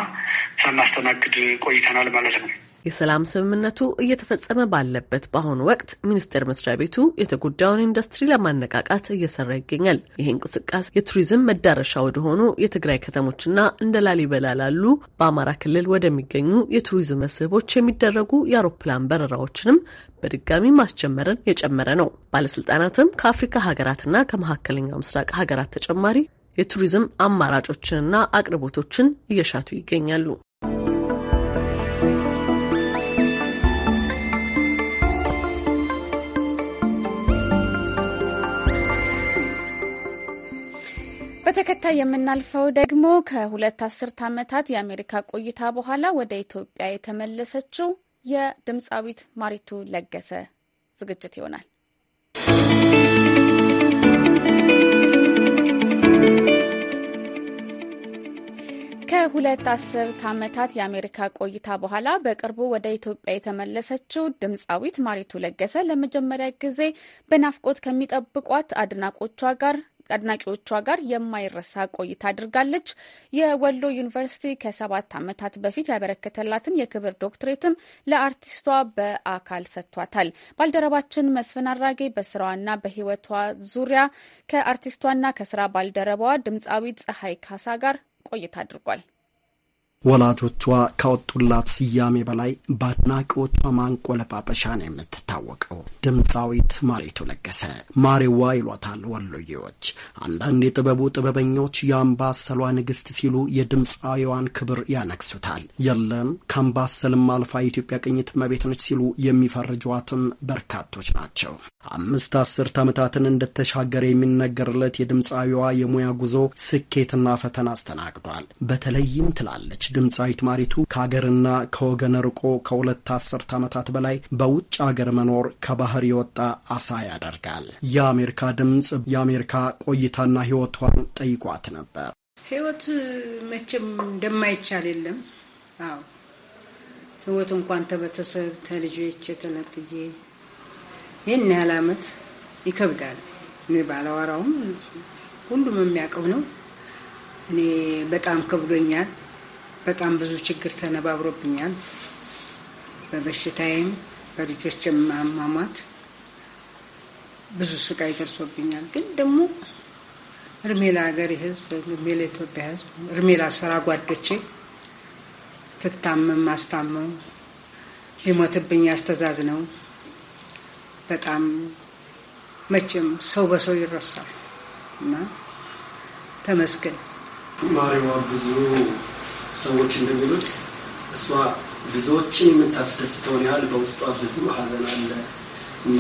ሳናስተናግድ ቆይተናል ማለት ነው። የሰላም ስምምነቱ እየተፈጸመ ባለበት በአሁኑ ወቅት ሚኒስቴር መስሪያ ቤቱ የተጎዳውን ኢንዱስትሪ ለማነቃቃት እየሰራ ይገኛል። ይህ እንቅስቃሴ የቱሪዝም መዳረሻ ወደሆኑ የትግራይ ከተሞችና እንደ ላሊበላ ላሉ በአማራ ክልል ወደሚገኙ የቱሪዝም መስህቦች የሚደረጉ የአውሮፕላን በረራዎችንም በድጋሚ ማስጀመርን የጨመረ ነው። ባለስልጣናትም ከአፍሪካ ሀገራትና ከመካከለኛው ምስራቅ ሀገራት ተጨማሪ የቱሪዝም አማራጮችንና አቅርቦቶችን እየሻቱ ይገኛሉ። ተከታይ የምናልፈው ደግሞ ከሁለት አስርት ዓመታት የአሜሪካ ቆይታ በኋላ ወደ ኢትዮጵያ የተመለሰችው የድምፃዊት ማሪቱ ለገሰ ዝግጅት ይሆናል። ከሁለት አስርት ዓመታት የአሜሪካ ቆይታ በኋላ በቅርቡ ወደ ኢትዮጵያ የተመለሰችው ድምፃዊት ማሪቱ ለገሰ ለመጀመሪያ ጊዜ በናፍቆት ከሚጠብቋት አድናቆቿ ጋር አድናቂዎቿ ጋር የማይረሳ ቆይታ አድርጋለች። የወሎ ዩኒቨርሲቲ ከሰባት ዓመታት በፊት ያበረከተላትን የክብር ዶክትሬትም ለአርቲስቷ በአካል ሰጥቷታል። ባልደረባችን መስፍን አራጌ በስራዋና በሕይወቷ ዙሪያ ከአርቲስቷና ከስራ ባልደረባዋ ድምፃዊት ፀሐይ ካሳ ጋር ቆይታ አድርጓል። ወላጆቿ ካወጡላት ስያሜ በላይ በአድናቂዎቿ ማንቆለጳጰሻ ነው የምትታወቀው ድምፃዊት ማሬቱ ለገሰ። ማሬዋ ይሏታል ወሎዬዎች። አንዳንድ የጥበቡ ጥበበኞች የአምባሰሏ ንግሥት ሲሉ የድምፃዊዋን ክብር ያነግሱታል። የለም ከአምባሰልም አልፋ የኢትዮጵያ ቅኝት እመቤት ነች ሲሉ የሚፈርጇትም በርካቶች ናቸው። አምስት አስርት ዓመታትን እንደተሻገረ የሚነገርለት የድምፃዊዋ የሙያ ጉዞ ስኬትና ፈተና አስተናግዷል። በተለይም ትላለች ድምፃዊት ማሪቱ ከሀገርና ከወገን ርቆ ከሁለት አስርት ዓመታት በላይ በውጭ ሀገር መኖር ከባህር የወጣ አሳ ያደርጋል። የአሜሪካ ድምፅ የአሜሪካ ቆይታና ህይወቷን ጠይቋት ነበር። ህይወት መቼም እንደማይቻል የለም። አዎ ህይወት እንኳን ተበተሰብ ተልጆች ተነጥዬ ይህን ያህል አመት ይከብዳል። እኔ ባለዋራውም ሁሉም የሚያውቀው ነው። እኔ በጣም ከብዶኛል። በጣም ብዙ ችግር ተነባብሮብኛል። በበሽታዬም በልጆች ማሟሟት ብዙ ስቃይ ደርሶብኛል። ግን ደግሞ እርሜላ ሀገር ህዝብ፣ እርሜላ ኢትዮጵያ ህዝብ፣ እርሜላ ስራ ጓዶቼ ትታመም ማስታመው ሊሞትብኝ ያስተዛዝ ነው። በጣም መቼም ሰው በሰው ይረሳል እና ተመስገን ማሪዋ ብዙ ሰዎች እንደሚሉት እሷ ብዙዎችን የምታስደስተውን ያህል በውስጧ ብዙ ሀዘን አለ እና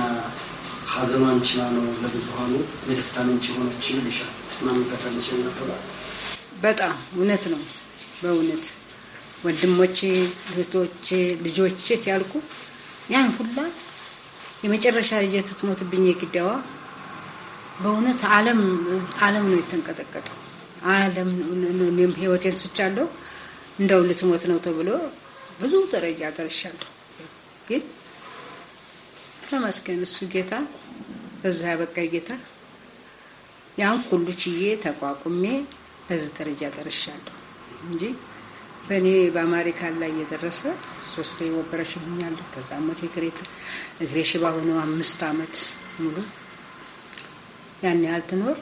ሀዘኗን ችላ ነው ለብዙሀኑ የደስታ ምንጭ የሆነች ይልሻል። ትስማሚበታለሽ? ነበባል በጣም እውነት ነው። በእውነት ወንድሞቼ፣ እህቶቼ፣ ልጆቼ ሲያልኩ ያን ሁላ የመጨረሻ ልጄ የግዳዋ በእውነት ዓለም ዓለም ነው የተንቀጠቀጠው። ዓለም ህይወቴን ስቻለሁ እንደው ልትሞት ነው ተብሎ ብዙ ደረጃ ደርሻለሁ። ግን ተመስገን እሱ ጌታ በዛ በቃ ጌታ ያን ሁሉ ችዬ ተቋቁሜ በዚህ ደረጃ ደርሻለሁ እንጂ በእኔ በአማሪካን ላይ እየደረሰ ሶስት ኦፐሬሽን ሆኛለሁ። ከዛ ሞት እግሬ ሽባ ሆነው አምስት አመት ሙሉ ያን ያህል ትኖር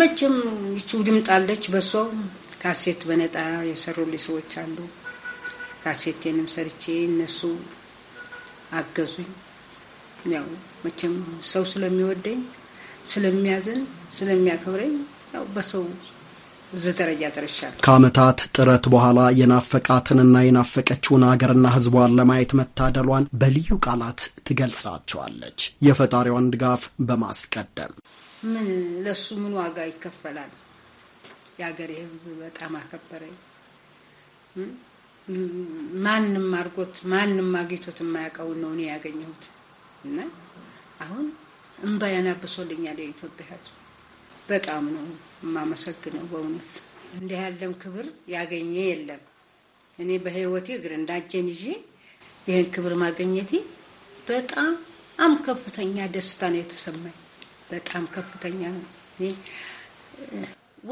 መቼም ይቺ ድምጣለች በሷው ካሴት በነጣ የሰሩልኝ ሰዎች አሉ። ካሴቴንም ሰርቼ እነሱ አገዙኝ። ያው መቼም ሰው ስለሚወደኝ ስለሚያዝን ስለሚያከብረኝ ያው በሰው እዚህ ደረጃ ደርሻለሁ። ከአመታት ጥረት በኋላ የናፈቃትንና የናፈቀችውን አገርና ሕዝቧን ለማየት መታደሏን በልዩ ቃላት ትገልጻቸዋለች። የፈጣሪዋን ድጋፍ በማስቀደም ምን ለሱ ምን ዋጋ ይከፈላል? የሀገሬ ህዝብ በጣም አከበረኝ። ማንም አድርጎት ማንም አግኝቶት የማያውቀውን ነው እኔ ያገኘሁት እና አሁን እምባ ያናብሶልኛል የኢትዮጵያ ህዝብ። በጣም ነው የማመሰግነው በእውነት እንዲህ ያለም ክብር ያገኘ የለም። እኔ በህይወቴ እግር እንዳጀን ይዤ ይህን ክብር ማገኘቴ በጣም ከፍተኛ ደስታ ነው የተሰማኝ። በጣም ከፍተኛ ነው።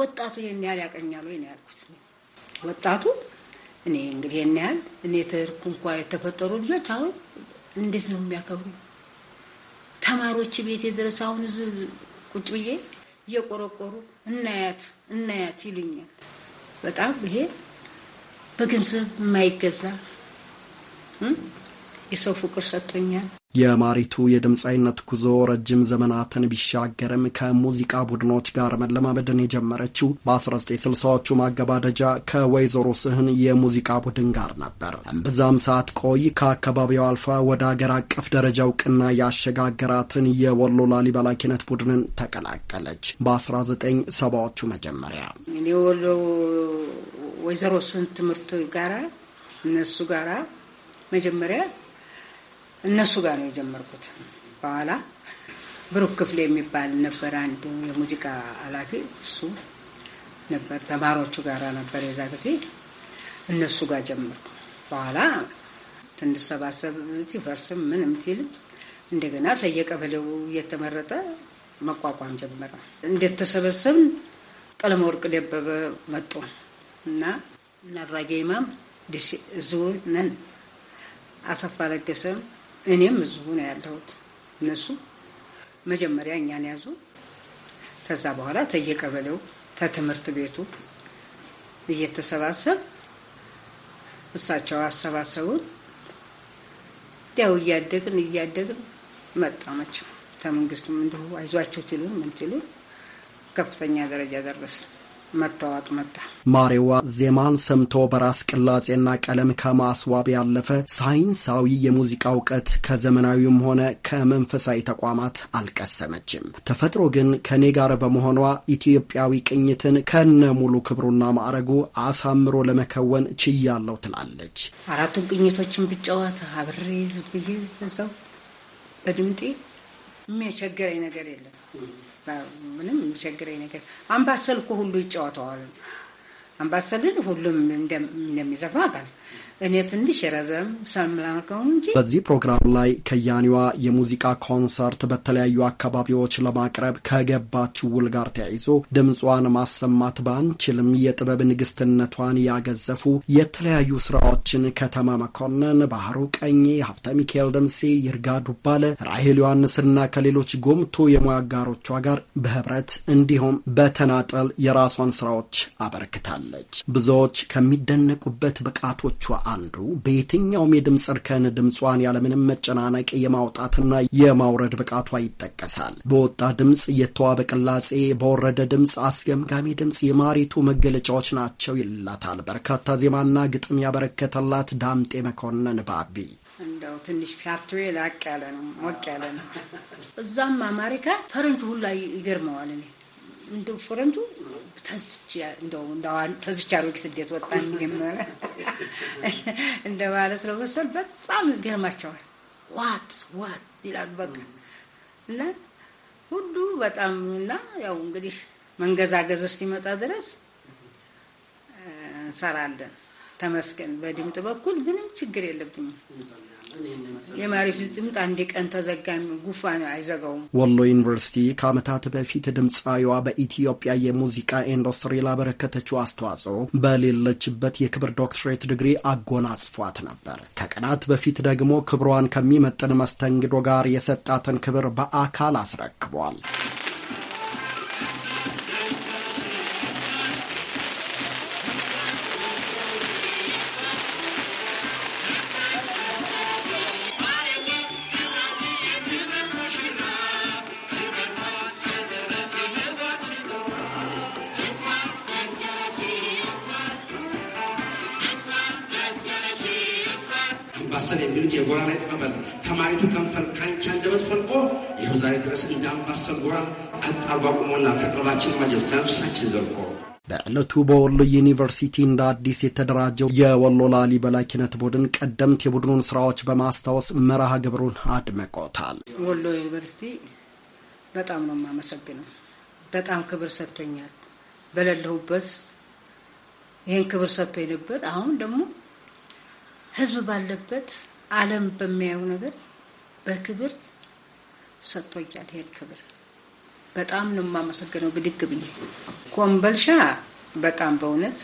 ወጣቱ ይሄን ያህል ያቀኛሉ ወይ ነው ያልኩት። ወጣቱ እኔ እንግዲህ ይሄን ያህል እኔ ተርኩ እንኳ የተፈጠሩ ልጆች አሁን እንዴት ነው የሚያከብሩ? ተማሪዎች ቤት የደረሰ አሁን እዚህ ቁጭ ብዬ እየቆረቆሩ እናያት እናያት ይሉኛል። በጣም ይሄ በገንዘብ የማይገዛ ሰው ፍቅር ሰጥቶኛል። የማሪቱ የድምፃዊነት ጉዞ ረጅም ዘመናትን ቢሻገርም ከሙዚቃ ቡድኖች ጋር መለማመድን የጀመረችው በ1960ዎቹ ማገባደጃ ከወይዘሮ ስህን የሙዚቃ ቡድን ጋር ነበር። እምብዛም ሰዓት ቆይ ከአካባቢው አልፋ ወደ አገር አቀፍ ደረጃ እውቅና ያሸጋገራትን የወሎ ላሊበላ ኪነት ቡድንን ተቀላቀለች። በ1970ዎቹ መጀመሪያ የወሎ ወይዘሮ ስህን ትምህርት ጋራ እነሱ ጋራ መጀመሪያ እነሱ ጋር ነው የጀመርኩት። በኋላ ብሩክ ክፍሌ የሚባል ነበር አንድ የሙዚቃ ኃላፊ፣ እሱ ነበር ተማሪዎቹ ጋር ነበር የዛ ጊዜ እነሱ ጋር ጀመርኩ። በኋላ ትንሰባሰብ ሲፈርስም ምንም ትል እንደገና ከየቀበሌው እየተመረጠ መቋቋም ጀመረ። እንዴት ተሰበሰብን? ወርቅ ደበበ መጡ እና ናራጌ ኢማም እዚሁ ነን አሰፋ ለገሰም እኔም እዚሁ ነው ያለሁት። እነሱ መጀመሪያ እኛን ያዙ። ከዛ በኋላ ተየቀበሌው ተትምህርት ቤቱ እየተሰባሰብ እሳቸው አሰባሰቡን። ያው እያደግን እያደግን መጣመች። ከመንግስትም እንዲሁ አይዟቸው ሲሉን ምን ሲሉን ከፍተኛ ደረጃ ደረስን። መታወቅ መጣ። ማሬዋ ዜማን ሰምቶ በራስ ቅላጼና ቀለም ከማስዋብ ያለፈ ሳይንሳዊ የሙዚቃ እውቀት ከዘመናዊም ሆነ ከመንፈሳዊ ተቋማት አልቀሰመችም። ተፈጥሮ ግን ከኔ ጋር በመሆኗ ኢትዮጵያዊ ቅኝትን ከነ ሙሉ ክብሩና ማዕረጉ አሳምሮ ለመከወን ችያለው ትላለች። አራቱን ቅኝቶችን ብጫወት አብሬ ብዬ እዛው በድምጤ የሚያስቸግረኝ ነገር የለም። ምንም የሚቸግረኝ ነገር አምባሰል እኮ ሁሉ ይጫወተዋል። አምባሰልን ሁሉም እንደሚዘፋ አውቃለሁ። እኔ ትንሽ ረዘም ሰምላከው እንጂ በዚህ ፕሮግራም ላይ ከያኒዋ የሙዚቃ ኮንሰርት በተለያዩ አካባቢዎች ለማቅረብ ከገባች ውል ጋር ተያይዞ ድምጿን ማሰማት ባንችልም የጥበብ ንግስትነቷን ያገዘፉ የተለያዩ ስራዎችን ከተማ መኮንን፣ ባህሩ ቀኝ፣ ሀብተ ሚካኤል ደምሴ፣ ይርጋ ዱባለ፣ ራሄል ዮሐንስና ከሌሎች ጎምቶ የሙያ አጋሮቿ ጋር በህብረት እንዲሁም በተናጠል የራሷን ስራዎች አበርክታለች። ብዙዎች ከሚደነቁበት ብቃቶቿ አንዱ በየትኛውም የድምፅ እርከን ድምጿን ያለምንም መጨናነቅ የማውጣትና የማውረድ ብቃቷ ይጠቀሳል። በወጣ ድምፅ የተዋበ ቅላጼ፣ በወረደ ድምፅ አስገምጋሚ ድምፅ የማሪቱ መገለጫዎች ናቸው ይላታል በርካታ ዜማና ግጥም ያበረከተላት ዳምጤ መኮንን ባቢ። እንደው ትንሽ ፒያቶ ላቅ ያለ ነው፣ ሞቅ ያለ ነው። እዛም አማሪካ ፈረንጁ ሁላ ይገርመዋል። እኔ እንደ ፈረንጁ ተዝቻ ሮጌ ስደት ወጣ ጀመረ እንደማለት ነው በጣም ገርማቸዋል። ዋት ዋት ይላሉ በቃ እና ሁሉ በጣም እና ያው እንግዲህ መንገዛገዝ እስኪመጣ ድረስ እንሰራለን። ተመስገን በድምጥ በኩል ምንም ችግር የለብኝም። የመሬቱ ድምፅ አንድ ቀን ተዘጋሚ ጉፋን አይዘጋውም። ወሎ ዩኒቨርሲቲ ከዓመታት በፊት ድምፃዊዋ በኢትዮጵያ የሙዚቃ ኢንዱስትሪ ላበረከተችው አስተዋጽኦ በሌለችበት የክብር ዶክትሬት ዲግሪ አጎናጽፏት ነበር። ከቀናት በፊት ደግሞ ክብሯን ከሚመጥን መስተንግዶ ጋር የሰጣትን ክብር በአካል አስረክቧል። ክቡራ ቀጥ አርጎ አቁሞና ከቅርባችን ከነፍሳችን ዘልቆ በዕለቱ በወሎ ዩኒቨርሲቲ እንደ አዲስ የተደራጀው የወሎ ላሊበላ ኪነት ቡድን ቀደምት የቡድኑን ስራዎች በማስታወስ መርሃ ግብሩን አድምቆታል። ወሎ ዩኒቨርሲቲ በጣም ነው የማመሰግነው። በጣም ክብር ሰጥቶኛል። በሌለሁበት ይህን ክብር ሰጥቶኝ ነበር። አሁን ደግሞ ህዝብ ባለበት ዓለም በሚያየው ነገር በክብር ሰጥቶኛል። ይህን ክብር በጣም ነው የማመሰግነው። ብድግ ብዬ ኮምበልሻ በጣም በእውነት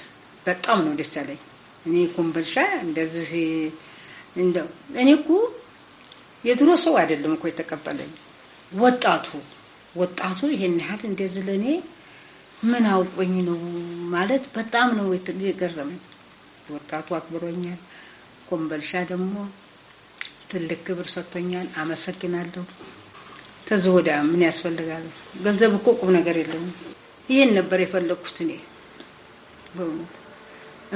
በጣም ነው ደስ ያለኝ። እኔ ኮምበልሻ እንደዚህ እንደው እኔ እኮ የድሮ ሰው አይደለም እኮ የተቀበለኝ ወጣቱ ወጣቱ ይሄን ያህል እንደዚህ ለእኔ ምን አውቆኝ ነው ማለት በጣም ነው የገረመኝ። ወጣቱ አክብሮኛል። ኮምበልሻ ደግሞ ትልቅ ክብር ሰጥቶኛል። አመሰግናለሁ። ተዚህ ወዲያ ምን ያስፈልጋል? ገንዘብ እኮ ቁም ነገር የለውም። ይህን ነበር የፈለግኩት እኔ በእውነት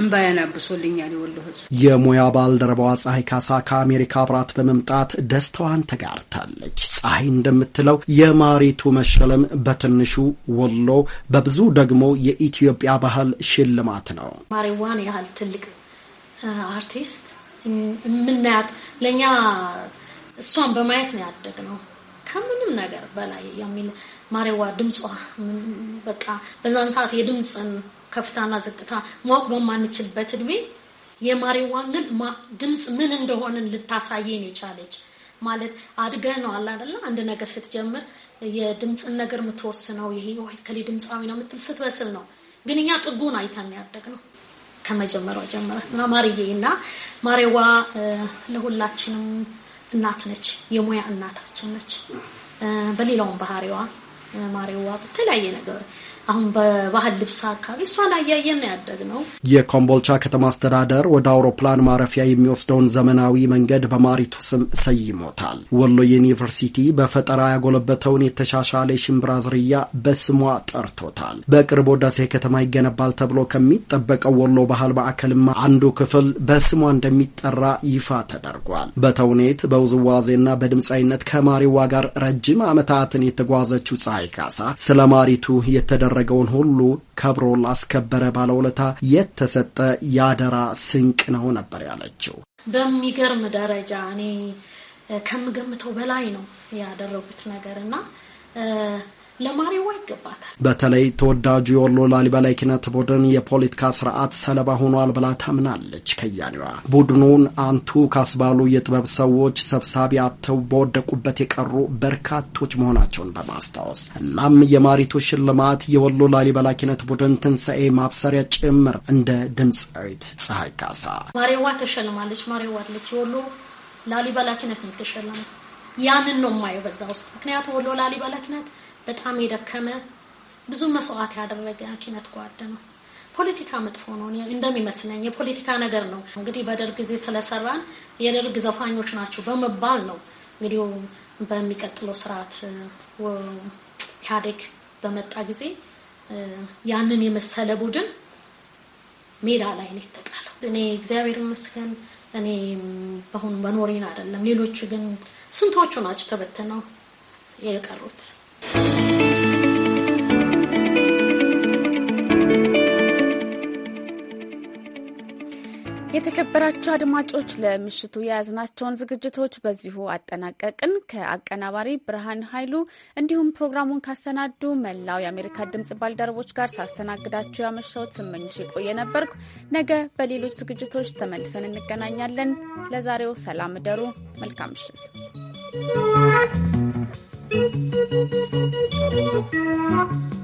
እምባያን አብሶልኛል። የወሎ ህዝብ የሙያ ባልደረባዋ ፀሐይ ካሳ ከአሜሪካ አብራት በመምጣት ደስታዋን ተጋርታለች። ፀሐይ እንደምትለው የማሪቱ መሸለም በትንሹ ወሎ፣ በብዙ ደግሞ የኢትዮጵያ ባህል ሽልማት ነው። ማሪዋን ያህል ትልቅ አርቲስት የምናያት ለእኛ እሷን በማየት ነው ነው ከምንም ነገር በላይ የሚል ማሬዋ ድምጿ በቃ በዛን ሰዓት የድምፅን ከፍታና ዝቅታ ማወቅ በማንችልበት እድሜ የማሬዋን ግን ድምፅ ምን እንደሆነ ልታሳየን የቻለች ማለት አድገ ነው አለ አይደለ አንድ ነገር ስትጀምር የድምፅን ነገር የምትወስነው ይሄ ወይ ከሌ ድምፃዊ ነው የምትል ስትበስል ነው። ግን እኛ ጥጉን አይተን ያደግ ነው ከመጀመሪያው ጀምረን እና ማርዬ እና ማሬዋ ለሁላችንም እናት ነች፣ የሙያ እናታችን ነች። በሌላውም ባህሪዋ ማሪዋ በተለያየ ነገር አሁን በባህል ልብስ አካባቢ እሷን አያየን ነው የኮምቦልቻ ከተማ አስተዳደር ወደ አውሮፕላን ማረፊያ የሚወስደውን ዘመናዊ መንገድ በማሪቱ ስም ሰይሞታል። ወሎ ዩኒቨርሲቲ በፈጠራ ያጎለበተውን የተሻሻለ የሽምብራ ዝርያ በስሟ ጠርቶታል። በቅርቡ ወዳሴ ከተማ ይገነባል ተብሎ ከሚጠበቀው ወሎ ባህል ማዕከልማ አንዱ ክፍል በስሟ እንደሚጠራ ይፋ ተደርጓል። በተውኔት በውዝዋዜና በድምፃዊነት ከማሪዋ ጋር ረጅም ዓመታትን የተጓዘችው ፀሐይ ካሳ ስለ ማሪቱ የተደረ ያደረገውን ሁሉ ከብሮ ላስከበረ ባለውለታ የተሰጠ የአደራ ስንቅ ነው ነበር ያለችው። በሚገርም ደረጃ እኔ ከምገምተው በላይ ነው ያደረጉት ነገር እና ለማሪዋ ይገባታል። በተለይ ተወዳጁ የወሎ ላሊበላ ኪነት ቡድን የፖለቲካ ስርዓት ሰለባ ሆኗል ብላ ታምናለች። ከያኔዋ ቡድኑን አንቱ ካስባሉ የጥበብ ሰዎች ሰብሳቢ አጥተው በወደቁበት የቀሩ በርካቶች መሆናቸውን በማስታወስ እናም የማሪቱ ሽልማት የወሎ ላሊበላ ኪነት ቡድን ትንሣኤ ማብሰሪያ ጭምር እንደ ድምፃዊት ፀሐይ ካሳ ማሪዋ ተሸልማለች። ማሪዋ አለች የወሎ ላሊበላ ኪነት የተሸለመ ያንን ነው የማየው በዛ ውስጥ ምክንያቱም ወሎ ላሊበላ ኪነት በጣም የደከመ ብዙ መስዋዕት ያደረገ አኪነት ጓድ ነው። ፖለቲካ መጥፎ ነው እንደሚመስለኝ፣ የፖለቲካ ነገር ነው። እንግዲህ በደርግ ጊዜ ስለሰራን የደርግ ዘፋኞች ናቸው በመባል ነው እንግዲህ በሚቀጥለው ስርዓት ኢህአዴግ በመጣ ጊዜ ያንን የመሰለ ቡድን ሜዳ ላይ ነው የተጣለው። እኔ እግዚአብሔር ይመስገን እኔ በሁን በኖሬን አይደለም ሌሎቹ ግን ስንቶቹ ናቸው ተበትነው የቀሩት? የተከበራችሁ አድማጮች ለምሽቱ የያዝናቸውን ዝግጅቶች በዚሁ አጠናቀቅን። ከአቀናባሪ ብርሃን ኃይሉ እንዲሁም ፕሮግራሙን ካሰናዱ መላው የአሜሪካ ድምጽ ባልደረቦች ጋር ሳስተናግዳችሁ ያመሻውት ስመኝሽ የቆየ ነበርኩ። ነገ በሌሎች ዝግጅቶች ተመልሰን እንገናኛለን። ለዛሬው ሰላም እደሩ። መልካም ምሽት። Thank you.